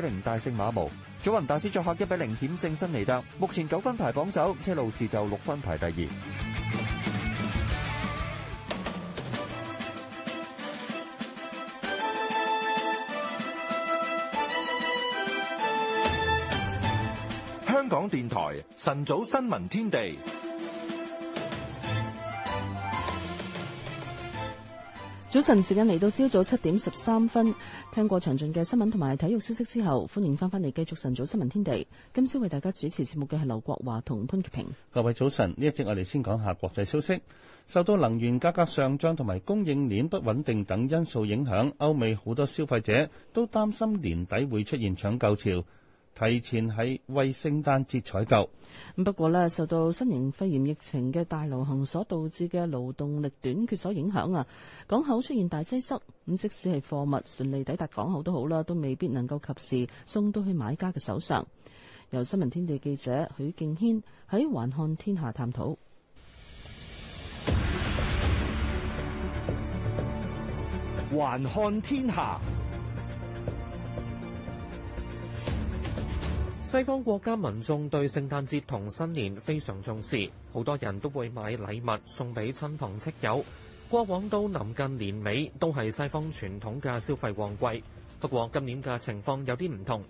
零大勝馬毛，祖雲大師作客一比零險勝新尼特，目前九分排榜首，車路士就六分排第二。香港電台晨早新聞天地。早晨，時間嚟到朝早七點十三分。聽過詳盡嘅新聞同埋體育消息之後，歡迎翻返嚟繼續晨早新聞天地。今朝為大家主持節目嘅係劉國華同潘潔平。各位早晨，呢一節我哋先講下國際消息。受到能源價格上漲同埋供應鏈不穩定等因素影響，歐美好多消費者都擔心年底會出現搶購潮。提前喺為聖誕節採購咁，不過呢，受到新型肺炎疫情嘅大流行所導致嘅勞動力短缺所影響啊，港口出現大擠塞咁，即使係貨物順利抵達港口都好啦，都未必能夠及時送到去買家嘅手上。由新聞天地記者許敬軒喺《環看天下》探討《環看天下》。西方國家民眾對聖誕節同新年非常重視，好多人都會買禮物送俾親朋戚友。過往到臨近年尾都係西方傳統嘅消費旺季，不過今年嘅情況有啲唔同。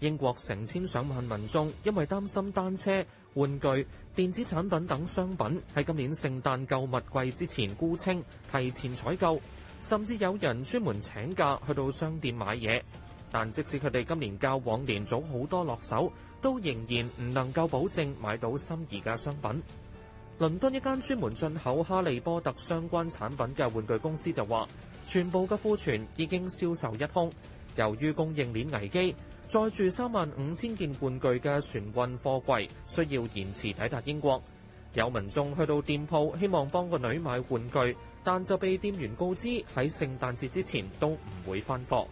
英國成千上萬民眾因為擔心單車、玩具、電子產品等商品喺今年聖誕購物季之前沽清，提前採購，甚至有人專門請假去到商店買嘢。但即使佢哋今年較往年早好多落手，都仍然唔能夠保證買到心儀嘅商品。倫敦一間專門進口哈利波特相關產品嘅玩具公司就話，全部嘅庫存已經銷售一空。由於供應鏈危機，載住三萬五千件玩具嘅船運貨櫃需要延遲抵達英國。有民眾去到店鋪希望幫個女買玩具，但就被店員告知喺聖誕節之前都唔會翻貨。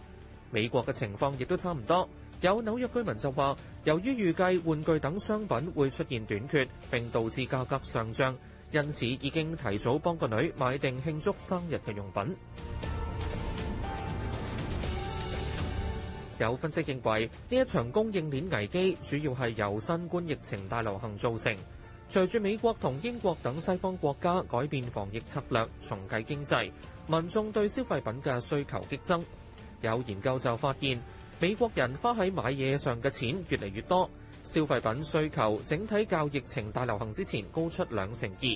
美國嘅情況亦都差唔多，有紐約居民就話，由於預計玩具等商品會出現短缺，並導致價格上漲，因此已經提早幫個女買定慶祝生日嘅用品。 有分析認為呢一場供應鏈危機主要係由新冠疫情大流行造成。隨住美國同英國等西方國家改變防疫策略、重啟經濟，民眾對消費品嘅需求激增。有研究就發現，美國人花喺買嘢上嘅錢越嚟越多，消費品需求整體較疫情大流行之前高出兩成二。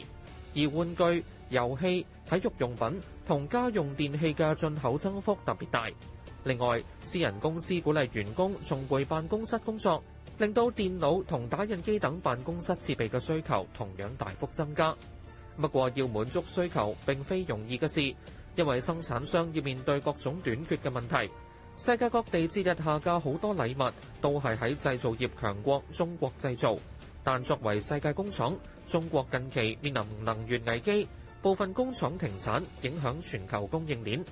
而玩具、遊戲、體育用品同家用電器嘅進口增幅特別大。另外，私人公司鼓勵員工重回辦公室工作，令到電腦同打印機等辦公室設備嘅需求同樣大幅增加。不過，要滿足需求並非容易嘅事。因為生產商要面對各種短缺嘅問題，世界各地節日下嘅好多禮物都係喺製造業強國中國製造。但作為世界工廠，中國近期面臨能源危機，部分工廠停產，影響全球供應鏈。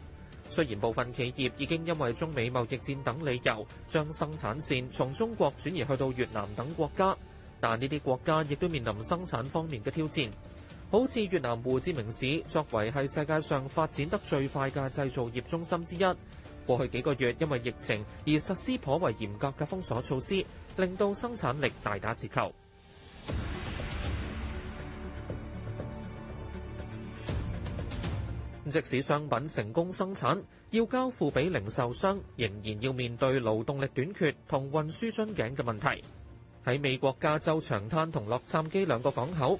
雖然部分企業已經因為中美貿易戰等理由，將生產線從中國轉移去到越南等國家，但呢啲國家亦都面臨生產方面嘅挑戰。好似越南胡志明市，作為係世界上發展得最快嘅製造業中心之一，過去幾個月因為疫情而實施頗為嚴格嘅封鎖措施，令到生產力大打折扣。 即使商品成功生產，要交付俾零售商，仍然要面對勞動力短缺同運輸樽頸嘅問題，喺美國加州長灘同洛杉磯兩個港口，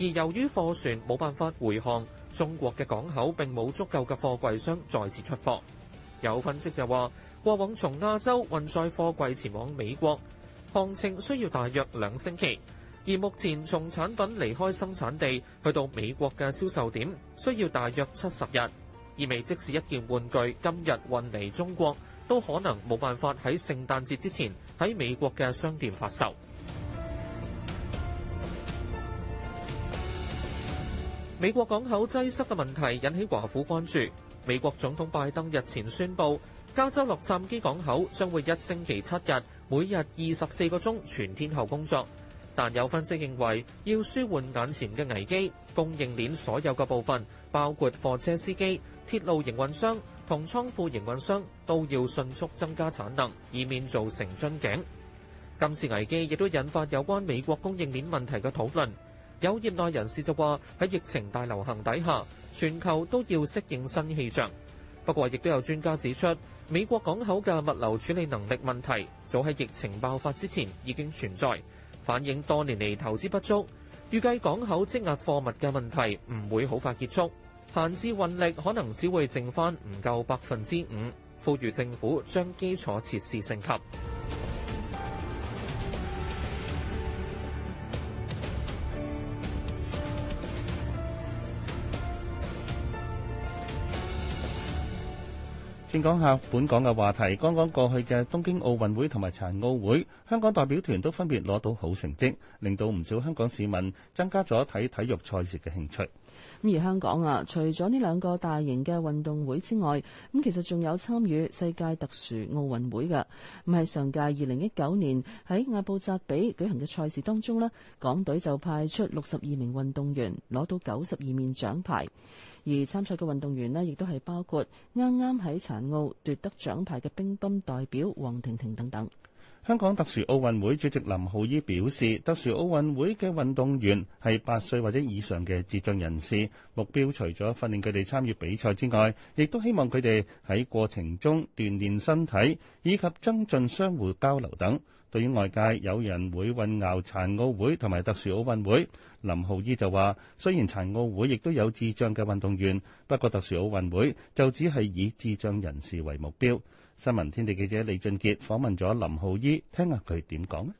而由於貨船冇辦法回航，中國嘅港口並冇足夠嘅貨櫃商再次出貨。有分析就話，過往從亞洲運載貨櫃前往美國，行程需要大約兩星期，而目前從產品離開生產地去到美國嘅銷售點需要大約七十日，意味即使一件玩具今日運嚟中國，都可能冇辦法喺聖誕節之前喺美國嘅商店發售。美國港口擠塞嘅問題引起華府關注。美國總統拜登日前宣布，加州洛杉磯港口將會一星期七日，每日二十四個鐘全天候工作。但有分析認為，要舒緩眼前嘅危機，供應鏈所有嘅部分，包括貨車司機、鐵路營運商同倉庫營運商，都要迅速增加產能，以免造成樽頸。今次危機亦都引發有關美國供應鏈問題嘅討論。有業內人士就話，喺疫情大流行底下，全球都要適應新氣象。不過亦都有專家指出，美國港口嘅物流處理能力問題早喺疫情爆發之前已經存在，反映多年嚟投資不足。預計港口積壓貨物嘅問題唔會好快結束，閒置運力可能只會剩翻唔夠百分之五。呼籲政府將基礎設施升級。先講下本港嘅話題。剛剛過去嘅東京奧運會同埋殘奧會，香港代表團都分別攞到好成績，令到唔少香港市民增加咗睇體育賽事嘅興趣。咁而香港啊，除咗呢兩個大型嘅運動會之外，咁其實仲有參與世界特殊奧運會嘅。咁喺上屆二零一九年喺阿布扎比舉行嘅賽事當中咧，港隊就派出六十二名運動員，攞到九十二面獎牌。而參賽嘅運動員呢，亦都係包括啱啱喺殘奧奪得獎牌嘅乒乓代表黃婷婷等等。香港特殊奧運會主席林浩伊表示，特殊奧運會嘅運動員係八歲或者以上嘅智障人士，目標除咗訓練佢哋參與比賽之外，亦都希望佢哋喺過程中鍛煉身體以及增進相互交流等。對於外界有人會混淆殘奧會同埋特殊奧運會，林浩伊就話：雖然殘奧會亦都有智障嘅運動員，不過特殊奧運會就只係以智障人士為目標。新聞天地記者李俊傑訪問咗林浩伊，聽下佢點講呢？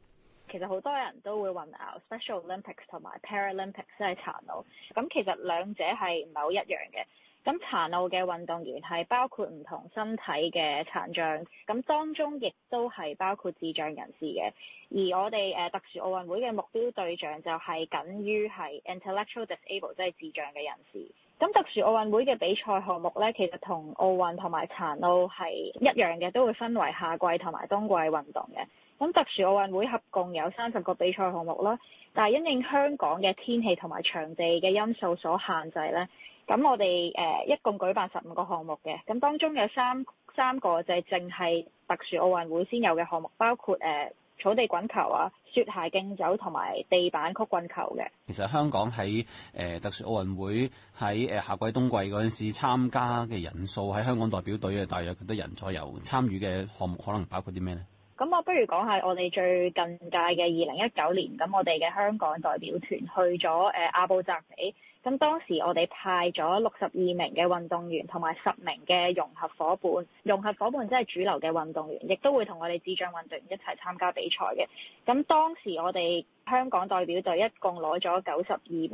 其實好多人都會混淆 Special Olympics 同埋 Paralympics，真係殘奧咁。其實兩者係唔係好一樣嘅？咁殘奧嘅運動員係包括唔同身體嘅殘障，咁當中亦都係包括智障人士嘅。而我哋誒、呃、特殊奧運會嘅目標對象就係僅於係 intellectual disabled，即係智障嘅人士。咁特殊奧運會嘅比賽項目呢，其實同奧運同埋殘奧係一樣嘅，都會分為夏季同埋冬季運動嘅。咁特殊奧運會合共有三十個比賽項目啦，但係因應香港嘅天氣同埋場地嘅因素所限制呢。咁我哋誒、呃、一共舉辦十五個項目嘅，咁當中有三三個就係淨係特殊奧運會先有嘅項目，包括誒、呃、草地滾球啊、雪鞋競走同埋地板曲棍球嘅。其實香港喺誒、呃、特殊奧運會喺誒、呃、夏季冬季嗰陣時參加嘅人數，喺香港代表隊啊大約幾多人左右參與嘅項目，可能包括啲咩咧？咁我不如講下我哋最近屆嘅二零一九年，咁我哋嘅香港代表團去咗誒、呃、阿布扎比，咁當時我哋派咗六十二名嘅運動員同埋十名嘅融合伙伴。融合伙伴即係主流嘅運動員，亦都會同我哋智障運動員一齊參加比賽嘅。咁當時我哋香港代表隊一共攞咗九十二名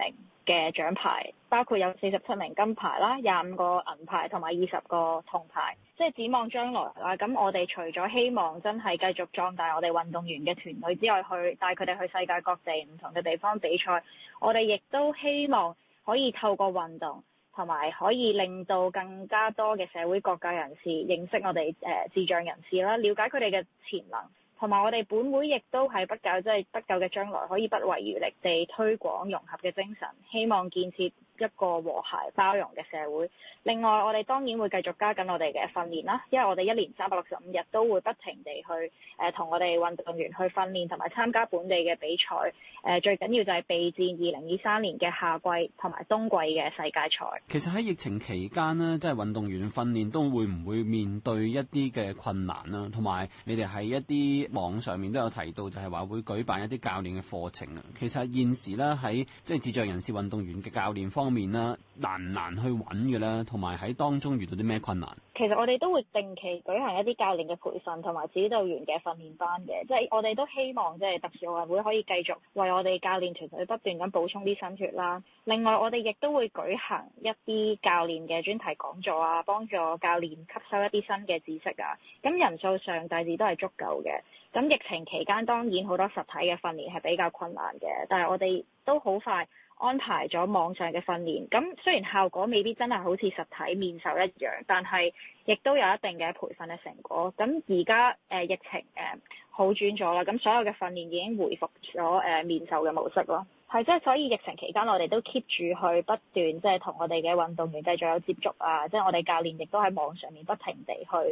嘅獎牌，包括有四十七名金牌啦，廿五個銀牌同埋二十個銅牌。即係展望將來啦，咁我哋除咗希望真係繼續壯大我哋運動員嘅團隊之外，去帶佢哋去世界各地唔同嘅地方比賽，我哋亦都希望可以透過運動同埋可以令到更加多嘅社會各界人士認識我哋誒智障人士啦，了解佢哋嘅潛能。同埋我哋本會亦都係不久，即係不久嘅將來，可以不遺餘力地推廣融合嘅精神，希望建設一個和諧包容嘅社會。另外，我哋當然會繼續加緊我哋嘅訓練啦，因為我哋一年三百六十五日都會不停地去誒、同、呃、我哋運動員去訓練，同埋參加本地嘅比賽。誒、呃，最緊要就係備戰二零二三年嘅夏季同埋冬季嘅世界賽。其實喺疫情期間呢，即係運動員訓練都會唔會面對一啲嘅困難啊？同埋你哋喺一啲網上面都有提到，就係話會舉辦一啲教練嘅課程啊。其實現時咧喺即係智障人士運動員嘅教練方。面啦難唔難去揾嘅啦，同埋喺當中遇到啲咩困難？其實我哋都會定期舉行一啲教練嘅培訓同埋指導員嘅訓練班嘅，即係我哋都希望即係特殊奧運會可以繼續為我哋教練團隊不斷咁補充啲新血啦。另外我哋亦都會舉行一啲教練嘅專題講座啊，幫助教練吸收一啲新嘅知識啊。咁人數上大致都係足夠嘅。咁疫情期間當然好多實體嘅訓練係比較困難嘅，但係我哋都好快。安排咗網上嘅訓練，咁雖然效果未必真係好似實體面授一樣，但係亦都有一定嘅培訓嘅成果。咁而家誒疫情誒好轉咗啦，咁所有嘅訓練已經回復咗誒面授嘅模式咯。係，即係所以疫情期間，我哋都 keep 住去不斷即係同我哋嘅運動員繼續有接觸啊，即係我哋教練亦都喺網上面不停地去誒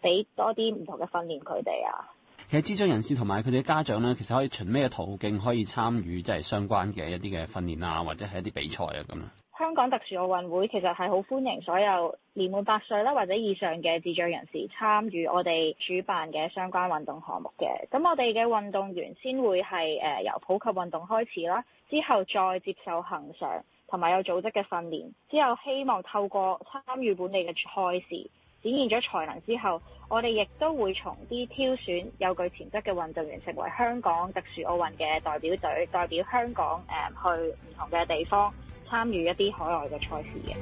俾多啲唔同嘅訓練佢哋啊。其實智障人士同埋佢哋嘅家長咧，其實可以循咩途徑可以參與即係相關嘅一啲嘅訓練啊，或者係一啲比賽啊咁啊。香港特殊奧運會其實係好歡迎所有年滿八歲啦或者以上嘅智障人士參與我哋主辦嘅相關運動項目嘅。咁我哋嘅運動員先會係誒由普及運動開始啦，之後再接受恆常同埋有組織嘅訓練，之後希望透過參與本地嘅賽事。展現咗才能之後，我哋亦都會從啲挑選有具潛質嘅運動員，成為香港特殊奧運嘅代表隊，代表香港誒去唔同嘅地方參與一啲海外嘅賽事。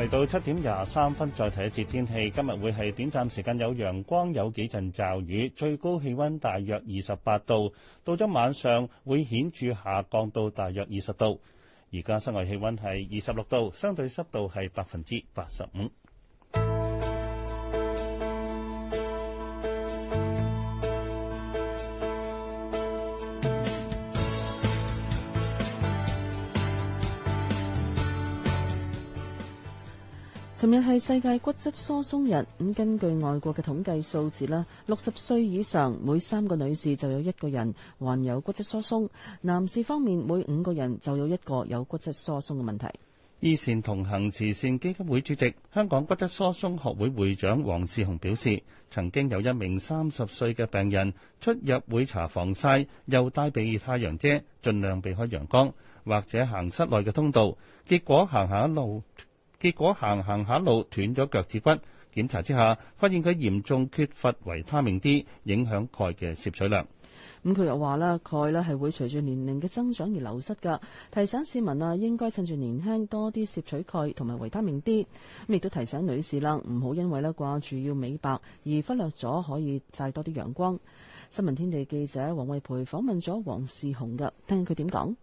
嚟到七點廿三分，再睇一節天氣。今日會係短暫時間有陽光，有幾陣驟雨，最高氣溫大約二十八度。到咗晚上會顯著下降到大約二十度。而家室外氣溫係二十六度，相對濕度係百分之八十五。尋日係世界骨質疏鬆日，咁根據外國嘅統計數字啦，六十歲以上每三個女士就有一個人患有骨質疏鬆，男士方面每五個人就有一個有骨質疏鬆嘅問題。義善同行慈善基金會主席、香港骨質疏鬆學會會長黃志雄表示，曾經有一名三十歲嘅病人出入會搽防曬，又帶備太陽遮，盡量避開陽光或者行室內嘅通道，結果行下一路。結果行行下路斷咗腳趾骨，檢查之下發現佢嚴重缺乏維他命 D，影響鈣嘅攝取量。咁佢、嗯、又話啦，鈣咧係會隨住年齡嘅增長而流失噶。提醒市民啊，應該趁住年輕多啲攝取鈣同埋維他命 D。咁亦都提醒女士啦，唔好因為咧掛住要美白而忽略咗可以曬多啲陽光。新聞天地記者黃惠培訪問咗黃士雄噶，聽佢點講。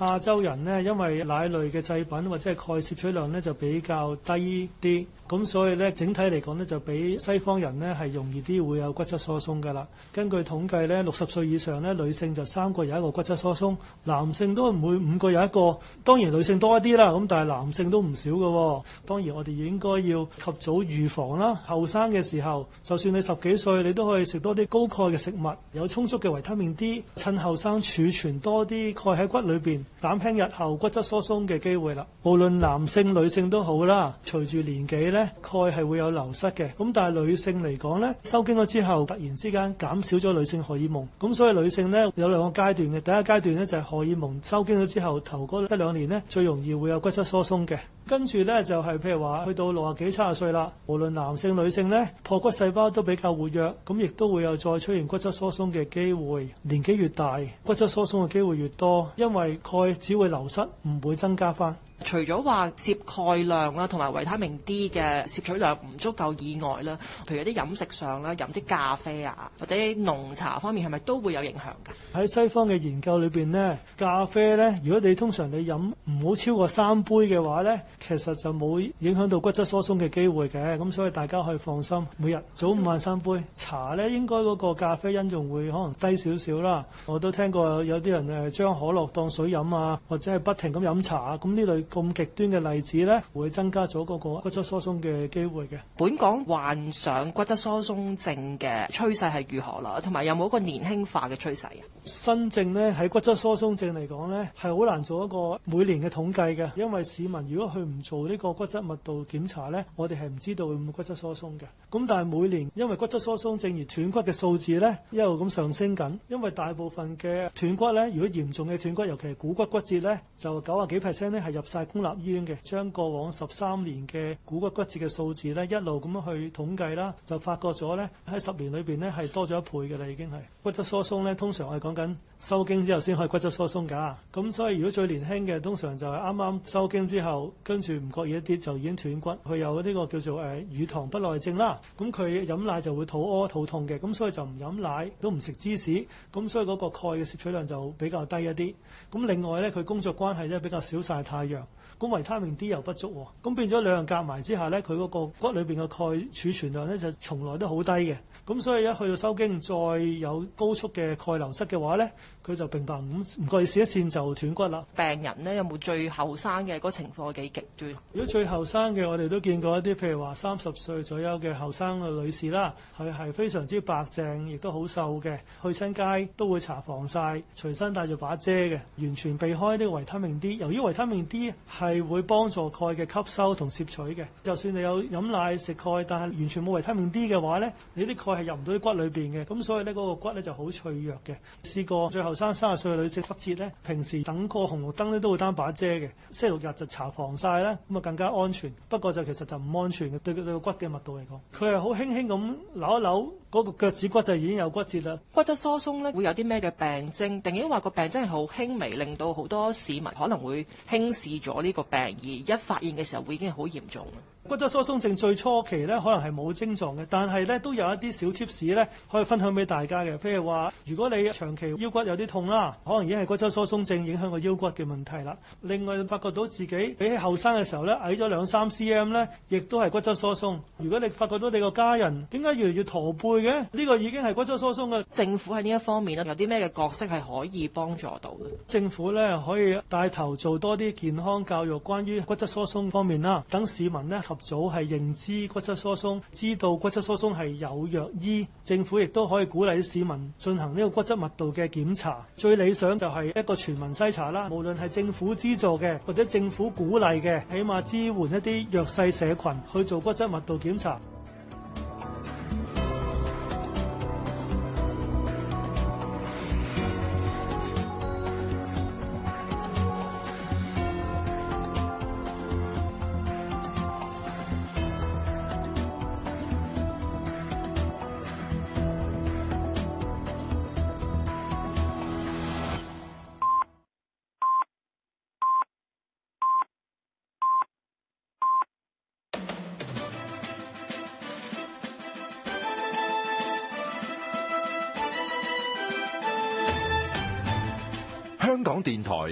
亞洲人呢，因為奶類嘅製品或者係鈣攝取量呢，就比較低啲，咁所以呢，整體嚟講呢，就比西方人呢，係容易啲會有骨質疏鬆㗎啦。根據統計呢，六十歲以上呢，女性就三個有一個骨質疏鬆，男性都唔會五個有一個。當然女性多一啲啦，咁但係男性都唔少嘅喎。當然我哋應該要及早預防啦。後生嘅時候，就算你十幾歲，你都可以食多啲高鈣嘅食物，有充足嘅維他命 D，趁後生儲存多啲鈣喺骨裏面。減輕日後骨質疏鬆嘅機會啦，無論男性女性都好啦。隨住年紀呢，鈣係會有流失嘅。咁但係女性嚟講呢，收經咗之後，突然之間減少咗女性荷爾蒙，咁所以女性呢，有兩個階段嘅。第一階段呢，就係荷爾蒙收經咗之後頭嗰兩年呢，最容易會有骨質疏鬆嘅。跟住呢，就係、是、譬如話，去到六十幾七十歲啦，無論男性女性呢，破骨細胞都比較活躍，咁亦都會有再出現骨質疏鬆嘅機會。年紀越大，骨質疏鬆嘅機會越多，因為鈣只會流失，唔會增加返。除咗話攝鈣量啦，同埋維他命 D 嘅攝取量唔足夠以外啦，譬如啲飲食上啦，飲啲咖啡啊，或者濃茶方面，係咪都會有影響㗎？喺西方嘅研究裏邊呢，咖啡咧，如果你通常你飲唔好超過三杯嘅話咧，其實就冇影響到骨質疏鬆嘅機會嘅，咁所以大家可以放心，每日早午晚三杯、嗯、茶咧，應該嗰個咖啡因仲會可能低少少啦。我都聽過有啲人誒將可樂當水飲啊，或者係不停咁飲茶啊，咁呢類。咁極端嘅例子咧，會增加咗嗰個骨質疏鬆嘅機會嘅。本港患上骨質疏鬆症嘅趨勢係如何啦？同埋有冇一個年輕化嘅趨勢啊？新症咧，喺骨質疏鬆症嚟講咧，係好難做一個每年嘅統計嘅，因為市民如果佢唔做呢個骨質密度檢查咧，我哋係唔知道會唔會骨質疏鬆嘅。咁但係每年因為骨質疏鬆症而斷骨嘅數字咧，一路咁上升緊，因為大部分嘅斷骨咧，如果嚴重嘅斷骨，尤其係股骨骨折咧，就九啊幾 percent 咧係入晒公立醫院嘅。將過往十三年嘅股骨骨折嘅數字咧，一路咁樣去統計啦，就發覺咗咧，喺十年裏邊咧係多咗一倍㗎啦，已經係骨質疏鬆咧通常係講。收經之後先可以骨質疏鬆㗎，咁所以如果最年輕嘅，通常就係啱啱收經之後，跟住唔覺意一啲，就已經斷骨。佢有呢個叫做誒乳糖不耐症啦，咁佢飲奶就會肚屙、肚痛嘅，咁所以就唔飲奶，都唔食芝士，咁所以嗰個鈣嘅攝取量就比較低一啲。咁另外咧，佢工作關係咧比較少曬太陽，咁維他命 D 又不足喎，咁變咗兩樣夾埋之下咧，佢嗰個骨裏邊嘅鈣儲存量咧就從來都好低嘅。咁所以一去到收經，再有高速嘅鈣流失嘅話咧，佢就並白咁，唔覺意試一試就斷骨啦。病人咧有冇最後生嘅個情況幾極端？如果最後生嘅，我哋都見過一啲，譬如話三十歲左右嘅後生嘅女士啦，佢係非常之白淨亦都好瘦嘅，去親街都會搽防晒，隨身帶住把遮嘅，完全避開呢個維他命 D。由於維他命 D 係會幫助鈣嘅吸收同攝取嘅，就算你有飲奶食鈣，但係完全冇維他命 D 嘅話咧，你啲鈣。係入唔到啲骨裏邊嘅，咁所以咧嗰個骨咧就好脆弱嘅。試過最後生三十歲嘅女性骨折咧，平時等個紅綠燈咧都會擔把遮嘅，星期六日就搽防晒咧，咁啊更加安全。不過就其實就唔安全嘅，對對個骨嘅密度嚟講，佢係好輕輕咁扭一扭。嗰個腳趾骨就已經有骨折啦。骨質疏鬆咧會有啲咩嘅病症？定係話個病真係好輕微，令到好多市民可能會輕視咗呢個病，而一發現嘅時候會已經係好嚴重。骨質疏鬆症最初期咧可能係冇症狀嘅，但係咧都有一啲小 tips 咧可以分享俾大家嘅。譬如話，如果你長期腰骨有啲痛啦，可能已經係骨質疏鬆症影響個腰骨嘅問題啦。另外發覺到自己比起後生嘅時候咧矮咗兩三 cm 咧，亦都係骨質疏鬆。如果你發覺到你個家人點解越嚟越駝背？嘅呢個已經係骨質疏鬆嘅。政府喺呢一方面啦，有啲咩嘅角色係可以幫助到嘅？政府咧可以帶頭做多啲健康教育，關於骨質疏鬆方面啦，等市民咧及早係認知骨質疏鬆，知道骨質疏鬆係有藥醫。政府亦都可以鼓勵市民進行呢個骨質密度嘅檢查，最理想就係一個全民篩查啦。無論係政府資助嘅或者政府鼓勵嘅，起碼支援一啲弱勢社群去做骨質密度檢查。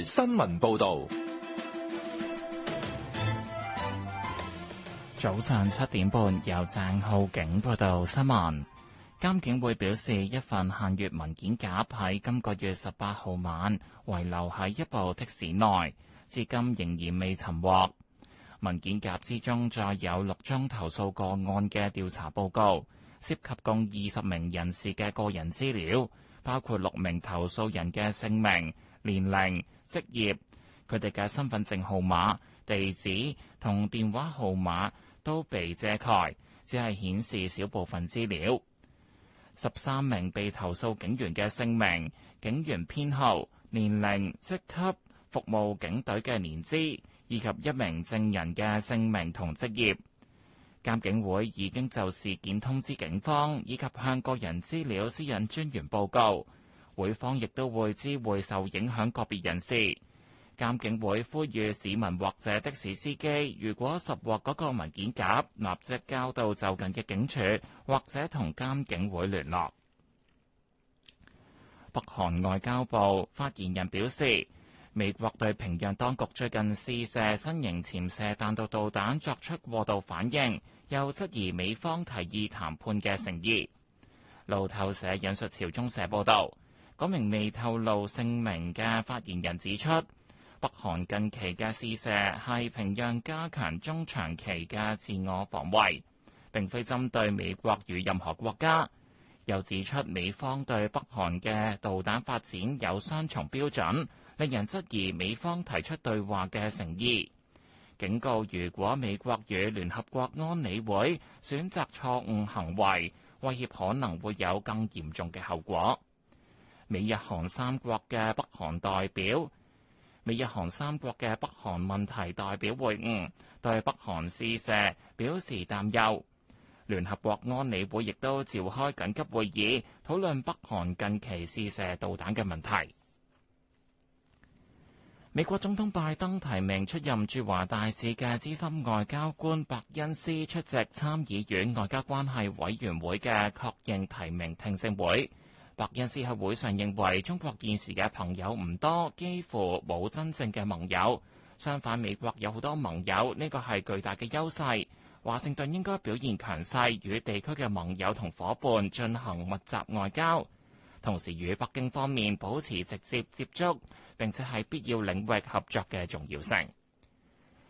新聞報道，早上七點半由鄭浩景報道新聞。監警會表示，一份限月文件夾喺今個月十八號晚遺留喺一部的士內，至今仍然未尋獲。文件夾之中載有六宗投訴個案嘅調查報告，涉及共二十名人士嘅個人資料，包括六名投訴人嘅姓名、年齡、職業、佢哋嘅身份證號碼、地址同電話號碼都被遮蓋，只係顯示少部分資料。十三名被投訴警員嘅姓名、警員編號、年齡、職級、服務警隊嘅年資，以及一名證人嘅姓名同職業。監警會已經就事件通知警方，以及向個人資料私隱專員報告。會方亦都會知會受影響個別人士。監警會呼籲市民或者的士司機，如果拾獲嗰個文件夾，立即交到就近嘅警署或者同監警會聯絡。北韓外交部發言人表示，美國對平壤當局最近試射新型潛射彈道導彈作出過度反應，又質疑美方提議談判嘅誠意。路透社引述朝中社報導。嗰名未透露姓名嘅發言人指出，北韓近期嘅試射係平壤加強中長期嘅自我防衛，並非針對美國與任何國家。又指出，美方對北韓嘅導彈發展有雙重標準，令人質疑美方提出對話嘅誠意。警告：如果美國與聯合國安理會選擇錯誤行為，威脅可能會有更嚴重嘅後果。美日韓三國嘅北韓代表、美日韓三國嘅北韓問題代表會晤，對北韓試射表示擔憂。聯合國安理會亦都召開緊急會議，討論北韓近期試射導彈嘅問題。美國總統拜登提名出任駐華大使嘅資深外交官白恩斯出席參議院外交關係委員會嘅確認提名聽證會。白恩斯喺會上認為中國現時嘅朋友唔多，幾乎冇真正嘅盟友。相反，美國有好多盟友，呢、這個係巨大嘅優勢。華盛頓應該表現強勢，與地區嘅盟友同夥伴進行密集外交，同時與北京方面保持直接接觸，並且係必要領域合作嘅重要性。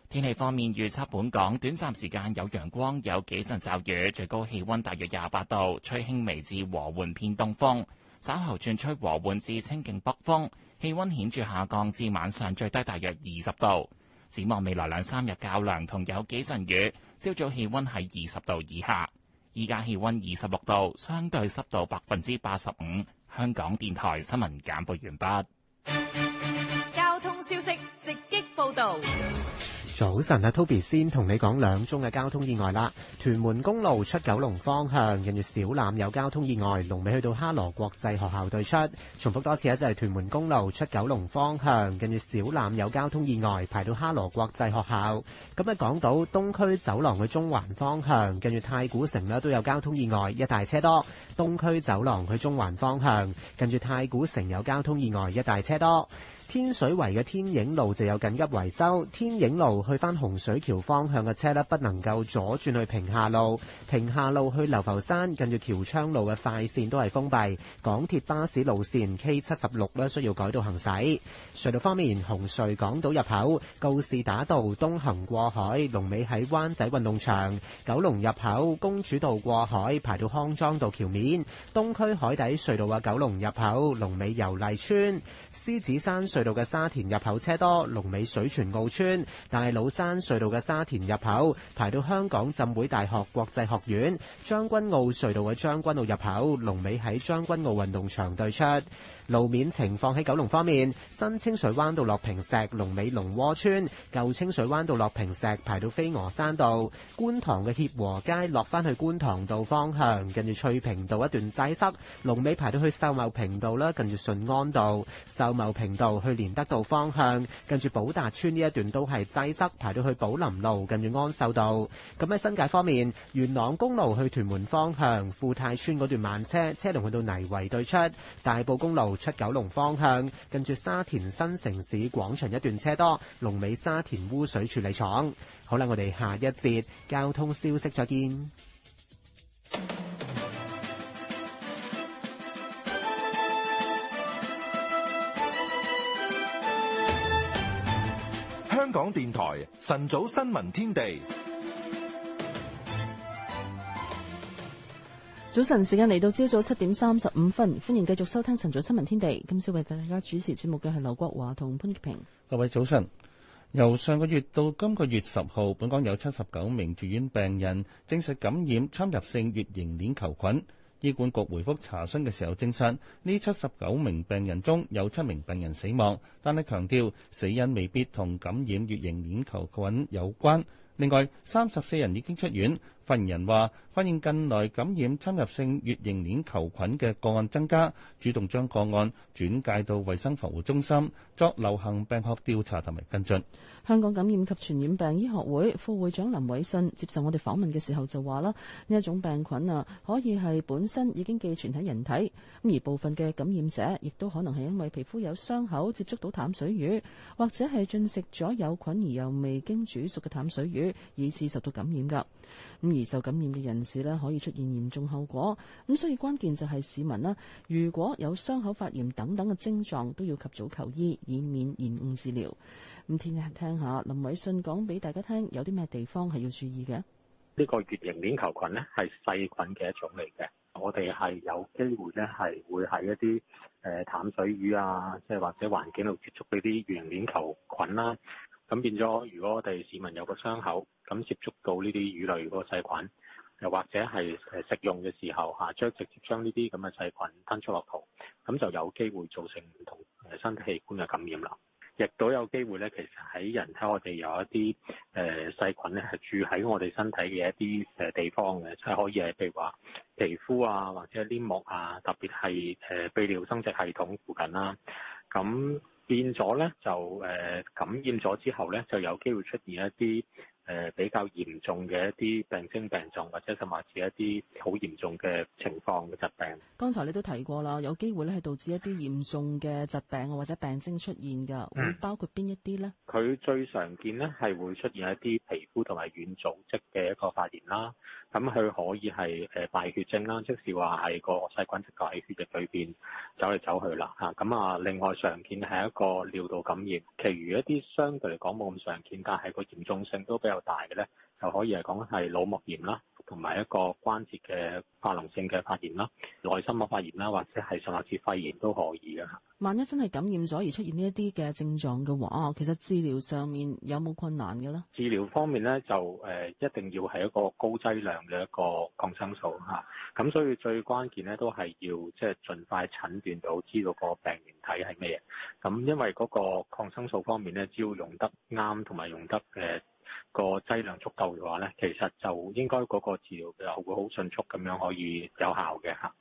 天氣方面預測，預測本港短暫時間有陽光，有幾陣驟雨，最高氣溫大約廿八度，吹輕微至和緩偏東風。稍後轉吹和緩至清勁北風，氣溫顯著下降至晚上最低大約二十度。展望未來兩三日較涼，同有幾陣雨。朝早氣溫喺二十度以下，依家氣溫二十六度，相對濕度百分之八十五。香港電台新聞簡報完畢。交通消息直擊報道。早晨，阿 Toby 先同你講兩宗嘅交通意外啦。屯門公路出九龍方向，近住小欖有交通意外，龍尾去到哈羅國際學校對出。重複多次咧，就係屯門公路出九龍方向，近住小欖有交通意外，排到哈羅國際學校。咁講到東區走廊去中環方向，近住太古城咧都有交通意外，一大車多。東區走廊去中環方向，近住太古城有交通意外，一大車多。天水圍嘅天影路就有緊急維修，天影路去翻洪水橋方向嘅車咧，不能夠左轉去平下路。平下路去流浮山，近住橋昌路嘅快線都係封閉。港鐵巴士路線 K 七十六咧需要改道行駛。隧道方面，紅隧港島入口告士打道東行過海，龍尾喺灣仔運動場；九龍入口公主道過海，排到康莊道橋面；東區海底隧道嘅九龍入口，龍尾油麗村。獅子山隧道嘅沙田入口車多，龍尾水泉澳村。大老山隧道嘅沙田入口排到香港浸會大學國際學院。將軍澳隧道嘅將軍澳入口龍尾喺將軍澳運動場對出。路面情況喺九龍方面，新清水灣道落坪石、龍尾龍窩村；舊清水灣道落坪石排到飛鵝山道，觀塘嘅協和街落返去觀塘道方向，跟住翠屏道一段擠塞，龍尾排到去秀茂坪道啦，跟住順安道、秀茂坪道去連德道方向，跟住寶達邨呢一段都係擠塞，排到去寶林路，跟住安秀道。咁喺新界方面，元朗公路去屯門方向，富泰邨嗰段慢車，車龍去到泥圍對出，大埔公路。出九龍方向，近住沙田新城市廣場一段車多，龍尾沙田污水處理廠。好啦，我哋下一節交通消息再見。香港電台晨早新聞天地。早晨，時間嚟到朝早七點三十五分，歡迎繼續收聽晨早新聞天地。今次為大家主持節目嘅係劉國華同潘潔平。各位早晨。由上個月到今個月十號，本港有七十九名住院病人證實感染侵入性乙型鏈球菌。醫管局回覆查詢嘅時候證實，呢七十九名病人中有七名病人死亡，但係強調死因未必同感染乙型鏈球菌有關。另外，三十四人已經出院。發言人話：發現近來感染侵入性乙型鏈球菌嘅個案增加，主動將個案轉介到衛生防護中心作流行病學調查同埋跟進。香港感染及傳染病醫學會副會長林偉信接受我哋訪問嘅時候就話啦：呢一種病菌啊，可以係本身已經寄存喺人體，而部分嘅感染者亦都可能係因為皮膚有傷口接觸到淡水魚，或者係進食咗有菌而又未經煮熟嘅淡水魚，以致受到感染噶。咁而受感染嘅人士咧，可以出現嚴重後果。咁所以關鍵就係市民啦，如果有傷口發炎等等嘅症狀，都要及早求醫，以免延誤治療。咁聽下林偉信講俾大家聽，有啲咩地方係要注意嘅？呢個圓形鏈球菌咧，係細菌嘅一種嚟嘅。我哋係有機會咧，係會喺一啲誒淡水魚啊，即係或者環境度接觸嗰啲圓形鏈球菌啦。咁變咗，如果我哋市民有個傷口，咁接觸到呢啲魚類個細菌，又或者係誒食用嘅時候嚇，將、啊、直接將呢啲咁嘅細菌吞出落肚，咁就有機會造成唔同誒身體器官嘅感染啦。亦都有機會咧，其實喺人體我哋有一啲誒、呃、細菌咧，係住喺我哋身體嘅一啲誒地方嘅，即係可以係譬如話皮膚啊，或者黏膜啊，特別係誒泌尿生殖系統附近啦、啊，咁。變咗咧，就誒、呃、感染咗之後咧，就有機會出現一啲誒、呃、比較嚴重嘅一啲病徵病狀，或者甚至係一啲好嚴重嘅情況嘅疾病。剛才你都提過啦，有機會咧係導致一啲嚴重嘅疾病或者病徵出現㗎，會包括邊一啲咧？佢、嗯、最常見咧係會出現一啲皮膚同埋軟組織嘅一個發炎啦。咁佢、嗯、可以係誒、呃、敗血症啦，即係話係個細菌直頭喺血液裏邊走嚟走去啦嚇。咁啊，另外常見係一個尿道感染，其餘一啲相對嚟講冇咁常見，但係個嚴重性都比較大嘅咧，就可以係講係腦膜炎啦。同埋一個關節嘅化膿性嘅發炎啦，內心嘅發炎啦，或者係上下葉肺炎都可以嘅。萬一真係感染咗而出現呢一啲嘅症狀嘅話，其實治療上面有冇困難嘅咧？治療方面咧就誒，一定要係一個高劑量嘅一個抗生素嚇。咁、啊、所以最關鍵咧都係要即係盡快診斷到，知道個病原體係咩嘢。咁因為嗰個抗生素方面咧，只要用得啱同埋用得誒。呃個劑量足夠嘅話呢，其實就應該嗰個治療又會好迅速咁樣可以有效嘅吓。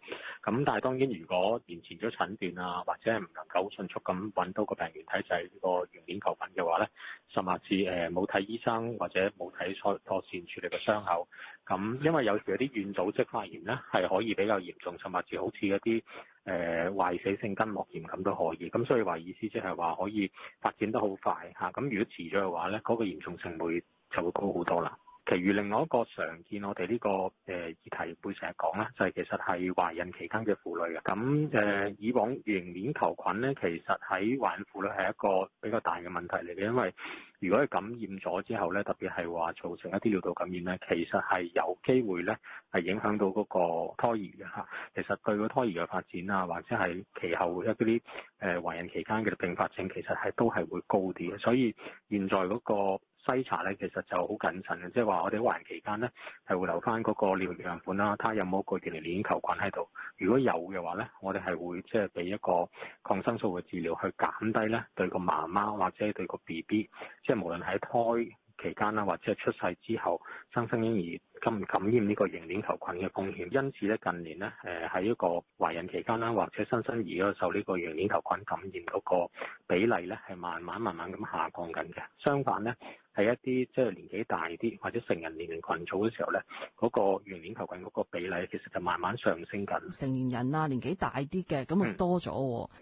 咁但係當然，如果延遲咗診斷啊，或者係唔能夠迅速咁揾到個病原體就係呢個原鏈球菌嘅話呢，甚至誒冇睇醫生或者冇睇錯妥善處理個傷口。咁，因為有時有啲軟組織發炎咧，係可以比較嚴重，甚至好似一啲誒、呃、壞死性筋膜炎咁都可以。咁所以話意思即係話可以發展得好快嚇。咁、啊、如果遲咗嘅話咧，嗰、那個嚴重性就會就會高好多啦。其餘另外一個常見我哋呢個誒議題會成日講咧，就係、是、其實係懷孕期間嘅婦女嘅。咁誒、呃、以往圓面球菌咧，其實喺懷孕婦女係一個比較大嘅問題嚟嘅，因為如果佢感染咗之後咧，特別係話造成一啲尿道感染咧，其實係有機會咧係影響到嗰個胎兒嘅嚇。其實對個胎兒嘅發展啊，或者係其後一啲誒懷孕期間嘅併發症，其實係都係會高啲嘅。所以現在嗰、那個。篩查咧，其實就好謹慎嘅，即係話我哋懷孕期間咧，係會留翻嗰個尿樣本啦、啊，睇有冇一個乙型鏈球菌喺度。如果有嘅話咧，我哋係會即係俾一個抗生素嘅治療去減低咧對個媽媽或者對個 B B，即係無論喺胎期間啦、啊，或者出世之後新生，生嬰兒感感染呢個乙型鏈球菌嘅風險。因此咧近年咧，誒、呃、喺一個懷孕期間啦，或者新生，生兒咧受呢個乙型鏈球菌感染嗰個比例咧係慢慢慢慢咁下降緊嘅。相反咧。係一啲即係年紀大啲或者成人年齡群組嘅時候咧，嗰、那個圓鏈球菌嗰個比例其實就慢慢上升緊。成年人啊，年紀大啲嘅咁啊多咗，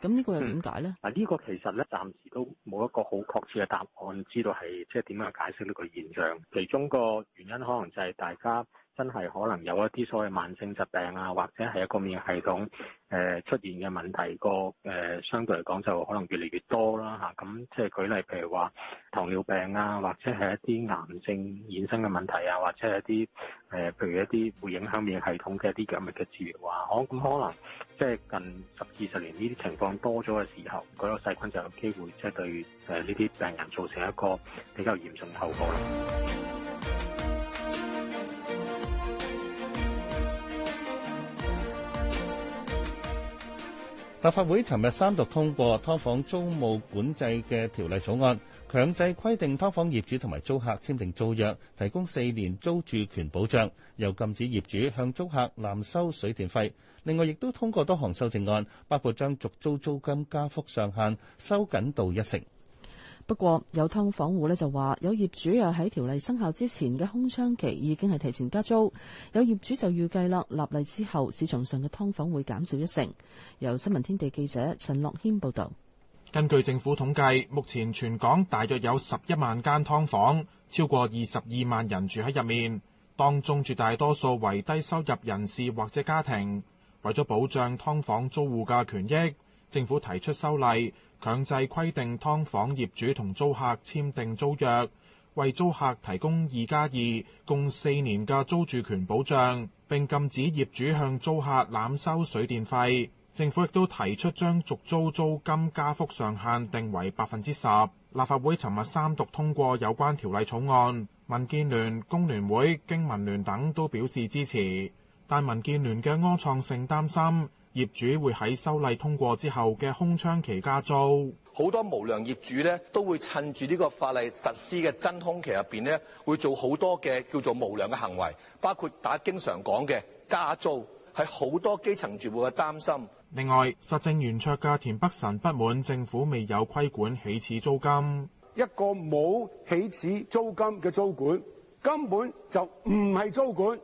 咁呢、嗯、個又點解咧？嗱、嗯，呢、這個其實咧暫時都冇一個好確切嘅答案，知道係即係點樣解釋呢個現象。其中個原因可能就係大家。真係可能有一啲所謂慢性疾病啊，或者係一個免疫系統誒、呃、出現嘅問題，個、呃、誒相對嚟講就可能越嚟越多啦吓。咁、啊、即係舉例，譬如話糖尿病啊，或者係一啲癌症衍生嘅問題啊，或者係一啲誒、呃，譬如一啲會影響免疫系統嘅一啲藥物嘅治療啊。哦、啊，咁可能即係近十二十年呢啲情況多咗嘅時候，嗰、那個細菌就有機會即係對誒呢啲病人造成一個比較嚴重嘅後果啦。立法會尋日三讀通過《劏房租務管制嘅條例草案》，強制規定劏房業主同埋租客簽訂租約，提供四年租住權保障，又禁止業主向租客濫收水電費。另外，亦都通過多項修正案，包括將續租租金加幅上限收緊到一成。不過，有劏房戶咧就話，有業主又喺條例生效之前嘅空窗期已經係提前加租。有業主就預計啦，立例之後市場上嘅劏房會減少一成。由新聞天地記者陳樂軒報導。根據政府統計，目前全港大約有十一萬間劏房，超過二十二萬人住喺入面，當中絕大多數為低收入人士或者家庭。為咗保障劏房租戶嘅權益，政府提出修例。強制規定劏房業主同租客簽訂租約，為租客提供二加二共四年嘅租住權保障，並禁止業主向租客濫收水電費。政府亦都提出將續租租金加幅上限定為百分之十。立法會尋日三讀通過有關條例草案，民建聯、工聯會、經民聯等都表示支持，但民建聯嘅柯創盛擔心。業主會喺修例通過之後嘅空窗期加租，好多無良業主咧都會趁住呢個法例實施嘅真空期入邊咧，會做好多嘅叫做無良嘅行為，包括大家經常講嘅加租，係好多基層住戶嘅擔心。另外，實政圓桌嘅田北辰不滿政府未有規管起始租金，一個冇起始租金嘅租管根本就唔係租管。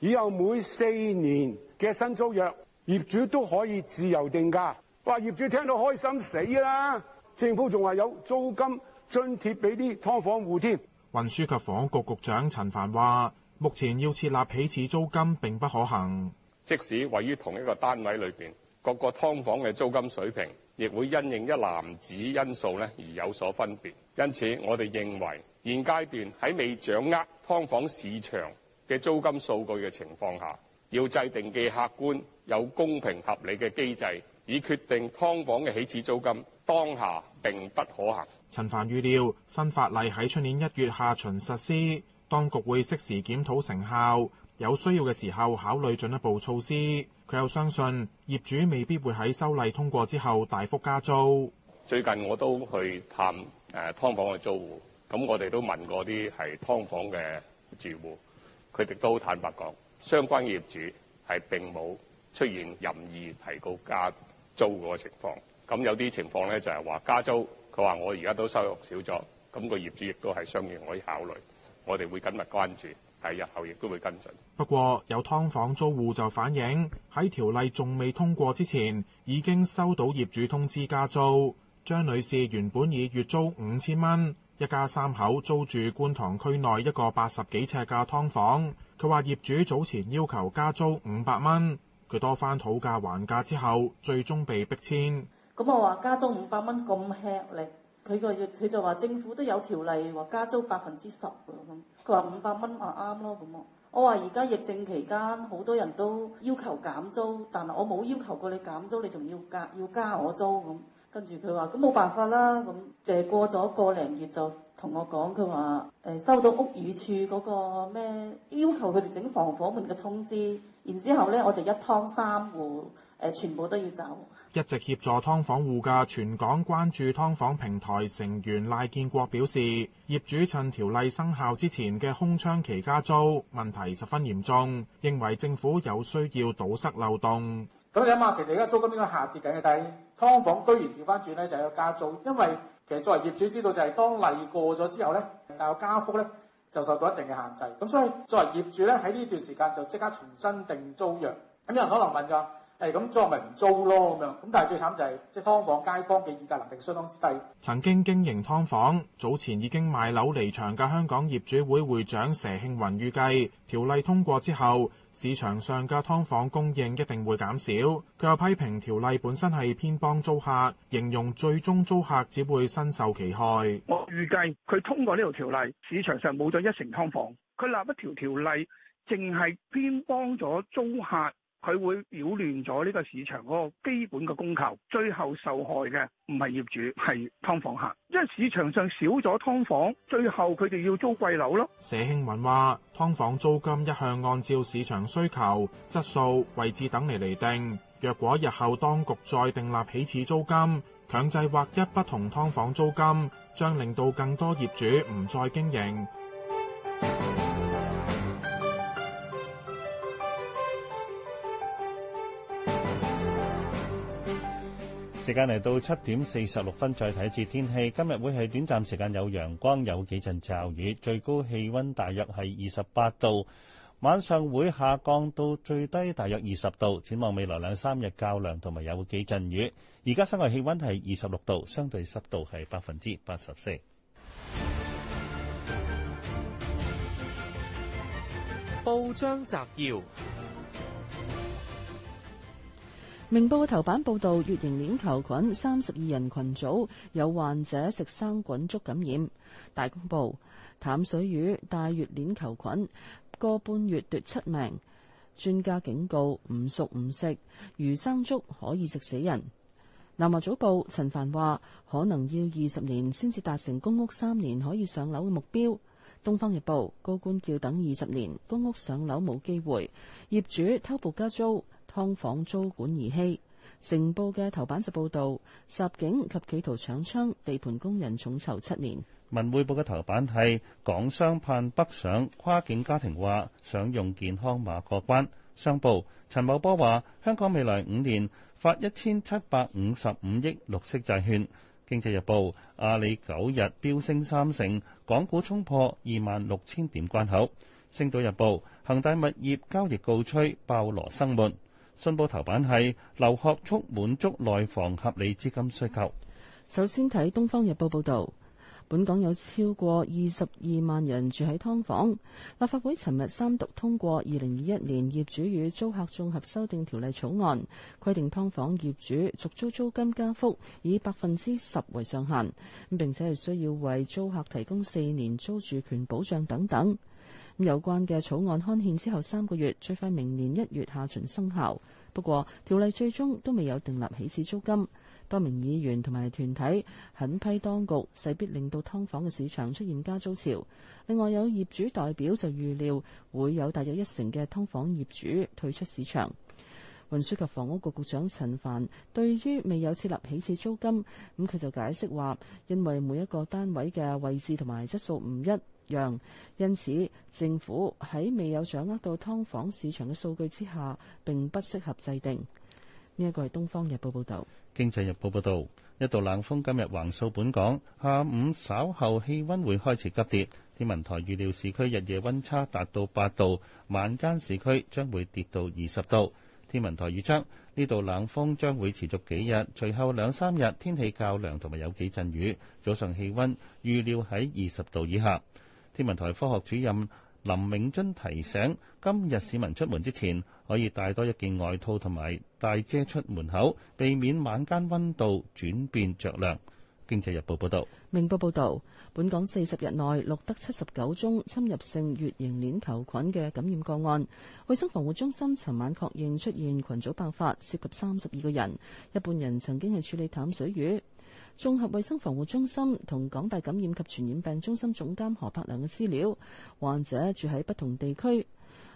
以後每四年嘅新租約，業主都可以自由定價，哇！業主聽到開心死啦！政府仲話有租金津貼俾啲劏房戶添。運輸及房屋局局長陳帆話：目前要設立起始租金並不可行。即使位於同一個單位裏邊，各個劏房嘅租金水平，亦會因應一籃子因素咧而有所分別。因此，我哋認為現階段喺未掌握㓥房市場嘅租金數據嘅情況下，要制定嘅客觀、有公平合理嘅機制，以決定劏房嘅起始租金，當下並不可行。陳帆預料新法例喺出年一月下旬實施，當局會適時檢討成效，有需要嘅時候考慮進一步措施。佢又相信業主未必會喺修例通過之後大幅加租。最近我都去探誒、呃、劏房嘅租戶，咁我哋都問過啲係劏房嘅住戶，佢哋都坦白講。相關業主係並冇出現任意提高加租嗰個情況。咁有啲情況咧就係話加租，佢話我而家都收入少咗，咁、那個業主亦都係相應可以考慮。我哋會緊密關注，喺日後亦都會跟進。不過有劏房租戶就反映喺條例仲未通過之前，已經收到業主通知加租。張女士原本以月租五千蚊，一家三口租住觀塘區內一個八十幾尺嘅劏房。佢話業主早前要求加租五百蚊，佢多番討價還價之後，最終被逼遷。咁我話加租五百蚊咁吃力？佢個佢就話政府都有條例話加租百分之十嘅咁。佢話五百蚊啊啱咯咁。我話而家疫症期間好多人都要求減租，但係我冇要求過你減租，你仲要加要加我租咁。跟住佢話咁冇辦法啦咁誒過咗個零月就。同我講，佢話誒收到屋宇署嗰、那個咩要求，佢哋整防火門嘅通知。然之後咧，我哋一劏三戶誒、呃，全部都要走。一直協助劏房戶嘅全港關注劏房平台成員賴建國表示，業主趁條例生效之前嘅空窗期加租，問題十分嚴重，認為政府有需要堵塞漏洞。咁你諗下，其實而家租金應該下跌緊嘅？但係劏房居然調翻轉咧，轉就要加租，因為其實作為業主知道就係當例過咗之後咧，但有加幅咧就受到一定嘅限制。咁所以作為業主咧，喺呢段時間就即刻重新訂租約。咁有人可能問就係咁，咁做咪唔租咯咁樣。咁但係最慘就係即係劏房街坊嘅議價能力相當之低。曾經經營劏房，早前已經賣樓離場嘅香港業主會會長佘慶雲預計條例通過之後，市場上嘅劏房供應一定會減少，佢又批評條例本身係偏幫租客，形容最終租客只會身受其害。我預計佢通過呢條條例，市場上冇咗一成劏房，佢立一條條例，淨係偏幫咗租客。佢會擾亂咗呢個市場嗰個基本嘅供求，最後受害嘅唔係業主，係劏房客，因為市場上少咗劏房，最後佢哋要租貴樓咯。社興敏話：劏房租金一向按照市場需求、質素、位置等嚟嚟定，若果日後當局再訂立起始租金強制劃一不同劏房租金，將令到更多業主唔再經營。時間嚟到七點四十六分，再睇一節天氣。今日會係短暫時間有陽光，有幾陣驟雨，最高氣溫大約係二十八度，晚上會下降到最低大約二十度。展望未來兩三日較涼，同埋有幾陣雨。而家室外氣溫係二十六度，相對濕度係百分之八十四。報章摘要。明報嘅頭版報導，乙型鏈球菌三十二人群組有患者食生滾粥感染。大公報淡水魚帶乙型鏈球菌，個半月奪七命。專家警告：唔熟唔食，魚生粥可以食死人。南華早報陳帆話：可能要二十年先至達成公屋三年可以上樓嘅目標。《東方日報》高官叫等二十年，公屋上樓冇機會。業主偷步加租。㓥房租管兒戲，成報嘅頭版就報道襲警及企圖搶槍。地盤工人重囚七年。文匯報嘅頭版係港商盼北上，跨境家庭話想用健康碼過關。商報陳茂波話：香港未來五年發一千七百五十五億綠色債券。經濟日報阿里九日飆升三成，港股衝破二萬六千點關口。星島日報恒大物業交易告吹，爆羅生門。信報頭版係劉鶴促滿足內房合理資金需求。首先睇《東方日報》報導，本港有超過二十二萬人住喺劏房。立法會尋日三讀通過《二零二一年業主與租客綜合修訂條例草案》，規定劏房業主續租租金加幅以百分之十為上限，咁並且係需要為租客提供四年租住權保障等等。有關嘅草案刊憲之後三個月，最快明年一月下旬生效。不過條例最終都未有訂立起始租金。多名議員同埋團體狠批當局，勢必令到劏房嘅市場出現加租潮。另外有業主代表就預料會有大約一成嘅劏房業主退出市場。運輸及房屋局局長陳帆對於未有設立起始租金，咁佢就解釋話，因為每一個單位嘅位置同埋質素唔一讓，因此政府喺未有掌握到劏房市場嘅數據之下，並不適合制定呢一個係《東方日報》報道。《經濟日報》報道，一道冷風今日橫掃本港，下午稍後氣温會開始急跌。天文台預料市區日夜温差達到八度，晚間市區將會跌到二十度。天文台預測呢度冷風將會持續幾日，隨後兩三日天氣較涼，同埋有幾陣雨。早上氣温預料喺二十度以下。天文台科學主任林永津提醒，今日市民出門之前可以帶多一件外套同埋帶遮出門口，避免晚間温度轉變着涼。經濟日報報，報報道，明報報導，本港四十日內錄得七十九宗侵入性乙型鏈球菌嘅感染個案，衛生防護中心尋晚確認出現群組爆發，涉及三十二個人，一半人曾經係處理淡水魚。綜合衛生防護中心同港大感染及傳染病中心總監何柏良嘅資料，患者住喺不同地區。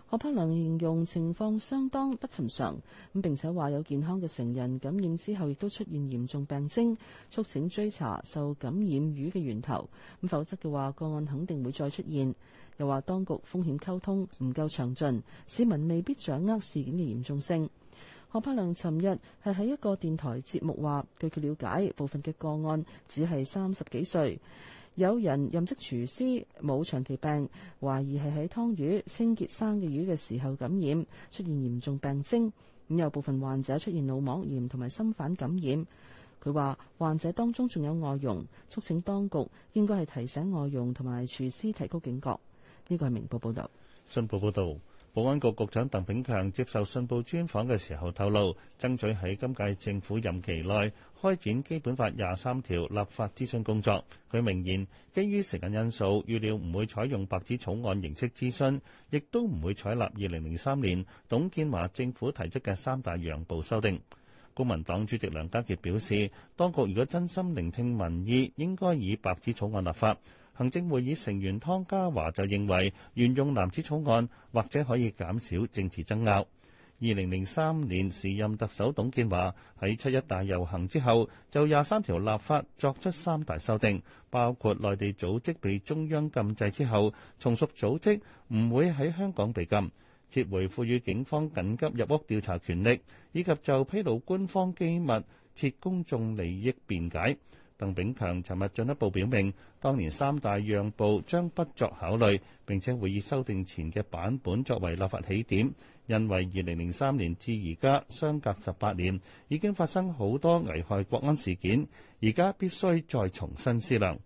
何柏良形容情況相當不尋常，咁並且話有健康嘅成人感染之後亦都出現嚴重病徵，促請追查受感染魚嘅源頭。咁否則嘅話，個案肯定會再出現。又話當局風險溝通唔夠詳盡，市民未必掌握事件嘅嚴重性。何柏良尋日係喺一個電台節目話，據佢了解，部分嘅個案只係三十幾歲，有人任職廚師，冇長期病，懷疑係喺劏魚清潔生嘅魚嘅時候感染，出現嚴重病徵。咁有部分患者出現腦膜炎同埋心瓣感染。佢話患者當中仲有外傭，促請當局應該係提醒外傭同埋廚師提高警覺。呢、這個係明報報導，新報報導。保安局局長鄧炳強接受信報專訪嘅時候透露，爭取喺今屆政府任期內開展基本法廿三條立法諮詢工作。佢明言，基於時間因素，預料唔會採用白紙草案形式諮詢，亦都唔會採納二零零三年董建華政府提出嘅三大讓步修訂。公民黨主席梁家傑表示，當局如果真心聆聽民意，應該以白紙草案立法。行政會議成員湯家驊就認為，沿用男子草案或者可以減少政治爭拗。二零零三年時任特首董建華喺七一大遊行之後，就廿三條立法作出三大修訂，包括內地組織被中央禁制之後，從屬組織唔會喺香港被禁；撤回賦予警方緊急入屋調查權力，以及就披露官方機密設公眾利益辯解。鄧炳強尋日進一步表明，當年三大讓步將不作考慮，並且會以修訂前嘅版本作為立法起點，因為二零零三年至而家相隔十八年，已經發生好多危害國安事件，而家必須再重新思量。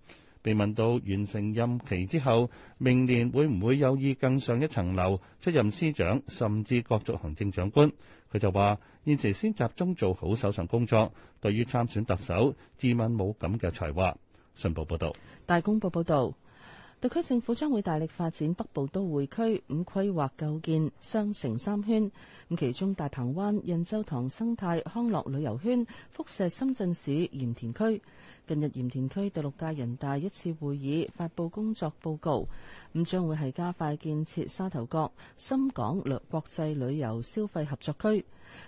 被問到完成任期之後，明年會唔會有意更上一層樓出任司長，甚至角逐行政長官？佢就話：現時先集中做好手上工作，對於參選特首，自問冇咁嘅才華。信報報導，大公報報導，特區政府將會大力發展北部都會區，五規劃構建雙城三圈，咁其中大鵬灣、印洲塘生態康樂旅遊圈，輻射深圳市鹽田區。近日鹽田區第六屆人大一次會議發佈工作報告，咁將會係加快建設沙頭角深港略國際旅遊消費合作區，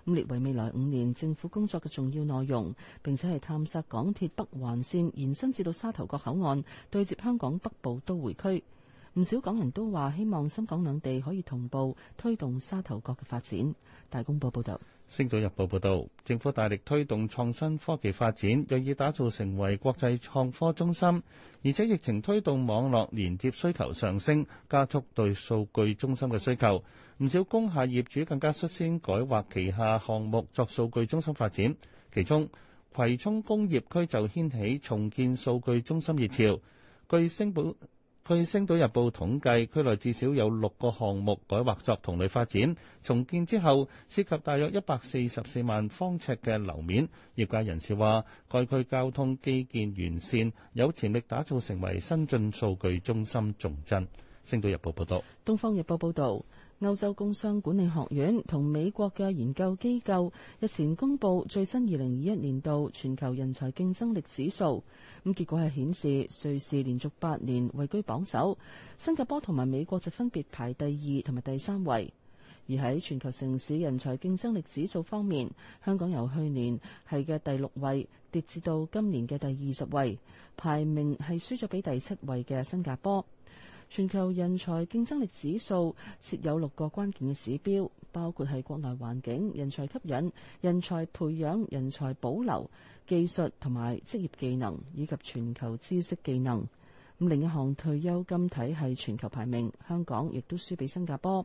咁列為未來五年政府工作嘅重要內容，並且係探索港鐵北環線延伸至到沙頭角口岸，對接香港北部都會區。唔少港人都話希望深港兩地可以同步推動沙頭角嘅發展。大公報報道。《星島日報》報導，政府大力推動創新科技發展，銳意打造成為國際創科中心。而且疫情推動網絡連接需求上升，加速對數據中心嘅需求。唔少工廈業主更加率先改劃旗下項目作數據中心發展。其中葵涌工業區就掀起重建數據中心熱潮。據星島。據星島日報統計，區內至少有六個項目改劃作同類發展，重建之後涉及大約一百四十四萬方尺嘅樓面。業界人士話，該區交通基建完善，有潛力打造成為新進數據中心重鎮。星島日報報道。東方日報報道。歐洲工商管理學院同美國嘅研究機構日前公布最新二零二一年度全球人才競爭力指數，咁結果係顯示瑞士連續八年位居榜首，新加坡同埋美國就分別排第二同埋第三位。而喺全球城市人才競爭力指數方面，香港由去年係嘅第六位跌至到今年嘅第二十位，排名係輸咗俾第七位嘅新加坡。全球人才競爭力指數設有六個關鍵嘅指標，包括係國內環境、人才吸引、人才培養、人才保留、技術同埋職業技能以及全球知識技能。咁另一項退休金體系全球排名，香港亦都輸俾新加坡。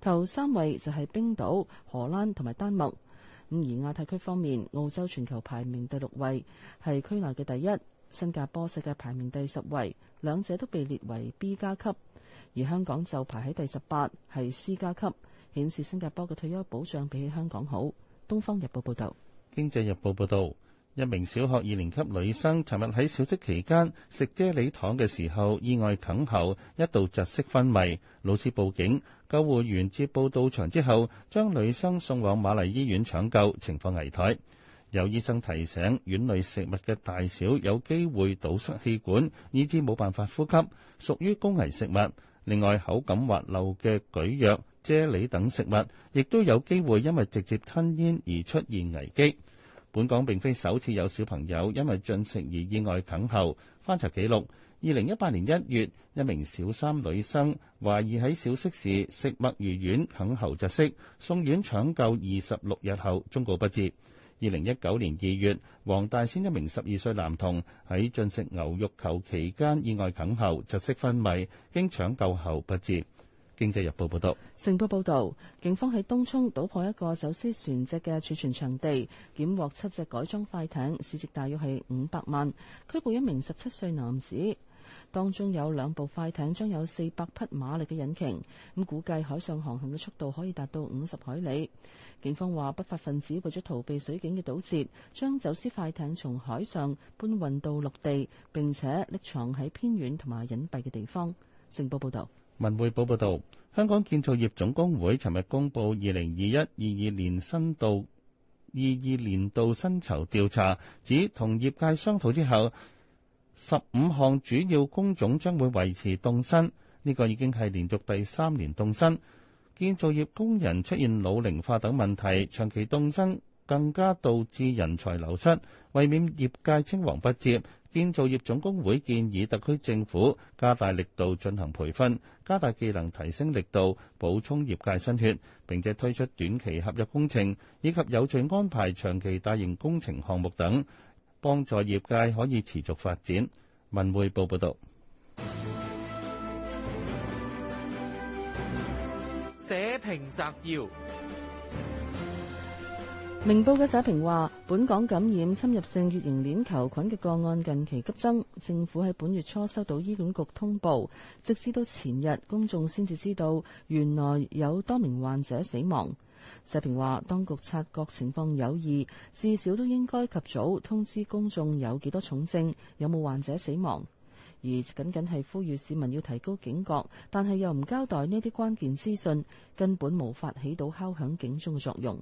頭三位就係冰島、荷蘭同埋丹麥，咁而亞太區方面，澳洲全球排名第六位，係區內嘅第一；新加坡世界排名第十位。兩者都被列為 B 加級，而香港就排喺第十八，係 C 加級，顯示新加坡嘅退休保障比起香港好。《東方日報》報道，《經濟日報》報道，一名小學二年級女生尋日喺小息期間食啫喱糖嘅時候意外哽喉，一度窒息昏迷，老師報警，救護員接報到場之後，將女生送往瑪麗醫院搶救，情況危殆。有醫生提醒，丸類食物嘅大小有機會堵塞氣管，以致冇辦法呼吸，屬於高危食物。另外，口感滑溜嘅蒟蒻、啫喱等食物，亦都有機會因為直接吞嚥而出現危機。本港並非首次有小朋友因為進食而意外啃喉。翻查記錄，二零一八年一月，一名小三女生懷疑喺小息時食墨魚丸啃喉窒息，送院搶救二十六日後終告不治。二零一九年二月，黃大仙一名十二歲男童喺進食牛肉球期間意外哽喉，窒息昏迷，經搶救後不治。經濟日報報道，成報報道，警方喺東涌搗破一個走私船隻嘅儲存場地，檢獲七隻改裝快艇，市值大約係五百萬，拘捕一名十七歲男子。當中有兩部快艇，將有四百匹馬力嘅引擎，咁估計海上航行嘅速度可以達到五十海里。警方話不法分子為咗逃避水警嘅堵截，將走私快艇從海上搬運到陸地，並且匿藏喺偏遠同埋隱蔽嘅地方。成報報道，文匯報報道，香港建造業總工會尋日公布二零二一二二年新度二二年度薪酬調查，指同業界商討之後。十五項主要工種將會維持凍薪，呢個已經係連續第三年凍薪。建造業工人出現老齡化等問題，長期凍薪更加導致人才流失，為免業界青黃不接，建造業總工會建議特區政府加大力度進行培訓，加大技能提升力度，補充業界新血，並且推出短期合約工程以及有序安排長期大型工程項目等。幫助業界可以持續發展。文匯報報道：社評摘要。明報嘅社評話：本港感染侵入性乙型鏈，鏈球菌嘅個案近期急增，政府喺本月初收到醫管局通報，直至到前日，公眾先至知道原來有多名患者死亡。社評話，當局察覺情況有異，至少都應該及早通知公眾有幾多重症，有冇患者死亡，而僅僅係呼籲市民要提高警覺，但係又唔交代呢啲關鍵資訊，根本無法起到敲響警鐘嘅作用。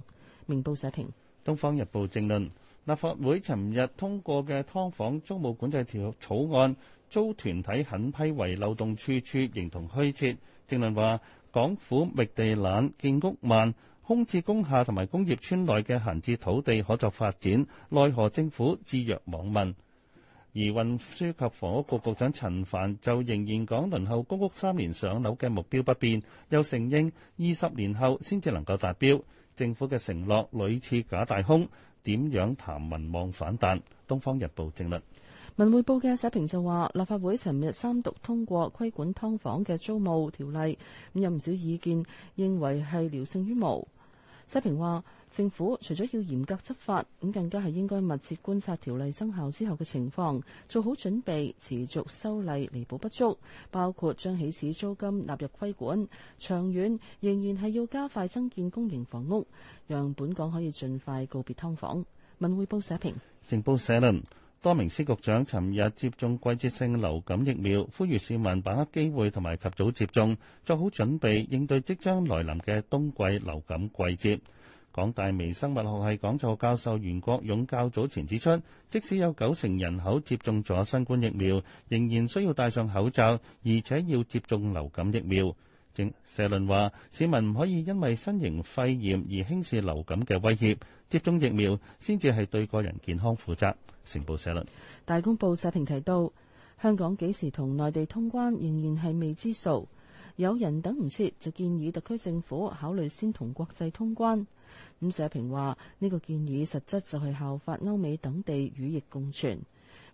明報社評，《東方日報》正論，立法會尋日通過嘅劏房租務管制條例草案遭團體狠批為漏洞處處、形同虛設。正論話，港府覓地懶，建屋慢。空置工廈同埋工業村內嘅閒置土地可作發展，奈何政府置若罔聞。而運輸及房屋局局長陳帆就仍然講輪候公屋三年上樓嘅目標不變，又承認二十年後先至能夠達標。政府嘅承諾屢次假大空，點樣談民望反彈？《東方日報》正論。文匯報嘅社評就話，立法會尋日三讀通過規管劏房嘅租務條例，咁有唔少意見認為係聊勝於無。社評話，政府除咗要嚴格執法，咁更加係應該密切觀察條例生效之後嘅情況，做好準備，持續修例彌補不足，包括將起始租金納入規管。長遠仍然係要加快增建公營房屋，讓本港可以盡快告別劏房。文匯報社評，成報社論。多名司局長尋日接種季節性流感疫苗，呼籲市民把握機會同埋及早接種，做好準備，應對即將來臨嘅冬季流感季節。港大微生物學系講座教授袁國勇較早前指出，即使有九成人口接種咗新冠疫苗，仍然需要戴上口罩，而且要接種流感疫苗。社論話，市民唔可以因為新型肺炎而輕視流感嘅威脅，接種疫苗先至係對個人健康負責。成報寫啦，大公報社評提到，香港幾時同內地通關仍然係未知數，有人等唔切就建議特區政府考慮先同國際通關。咁社評話呢個建議實質就係效法歐美等地與疫共存，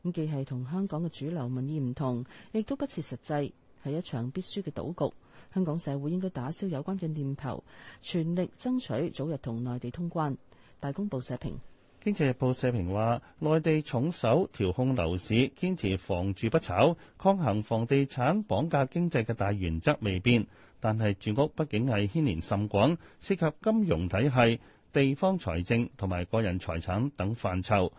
咁既係同香港嘅主流民意唔同，亦都不切實際，係一場必輸嘅賭局。香港社會應該打消有關嘅念頭，全力爭取早日同內地通關。大公報社評。《經濟日報》社評話：內地重手調控樓市，堅持房住不炒，抗衡房地產綁架經濟嘅大原則未變，但係住屋畢竟係牽連甚廣，涉及金融體系、地方財政同埋個人財產等範疇。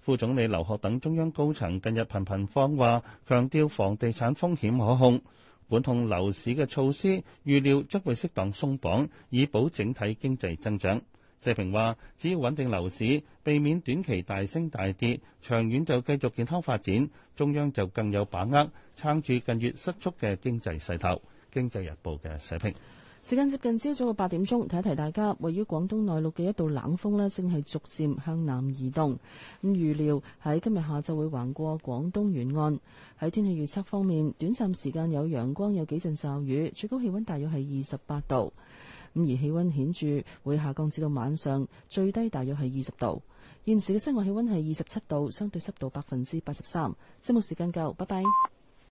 副總理劉鶴等中央高層近日頻頻放話，強調房地產風險可控，管控樓市嘅措施預料將會適當鬆綁，以保整體經濟增長。社評話：只要穩定樓市，避免短期大升大跌，長遠就繼續健康發展，中央就更有把握撐住近月失速嘅經濟勢頭。《經濟日報》嘅社評。時間接近朝早嘅八點鐘，提提大家，位於廣東內陸嘅一道冷風咧，正係逐漸向南移動。咁預料喺今日下晝會橫過廣東沿岸。喺天氣預測方面，短暫時間有陽光，有幾陣驟雨，最高氣温大約係二十八度。咁而氣温顯著會下降至到晚上，最低大約係二十度。現時嘅室外氣温係二十七度，相對濕度百分之八十三。新聞時間夠，拜拜。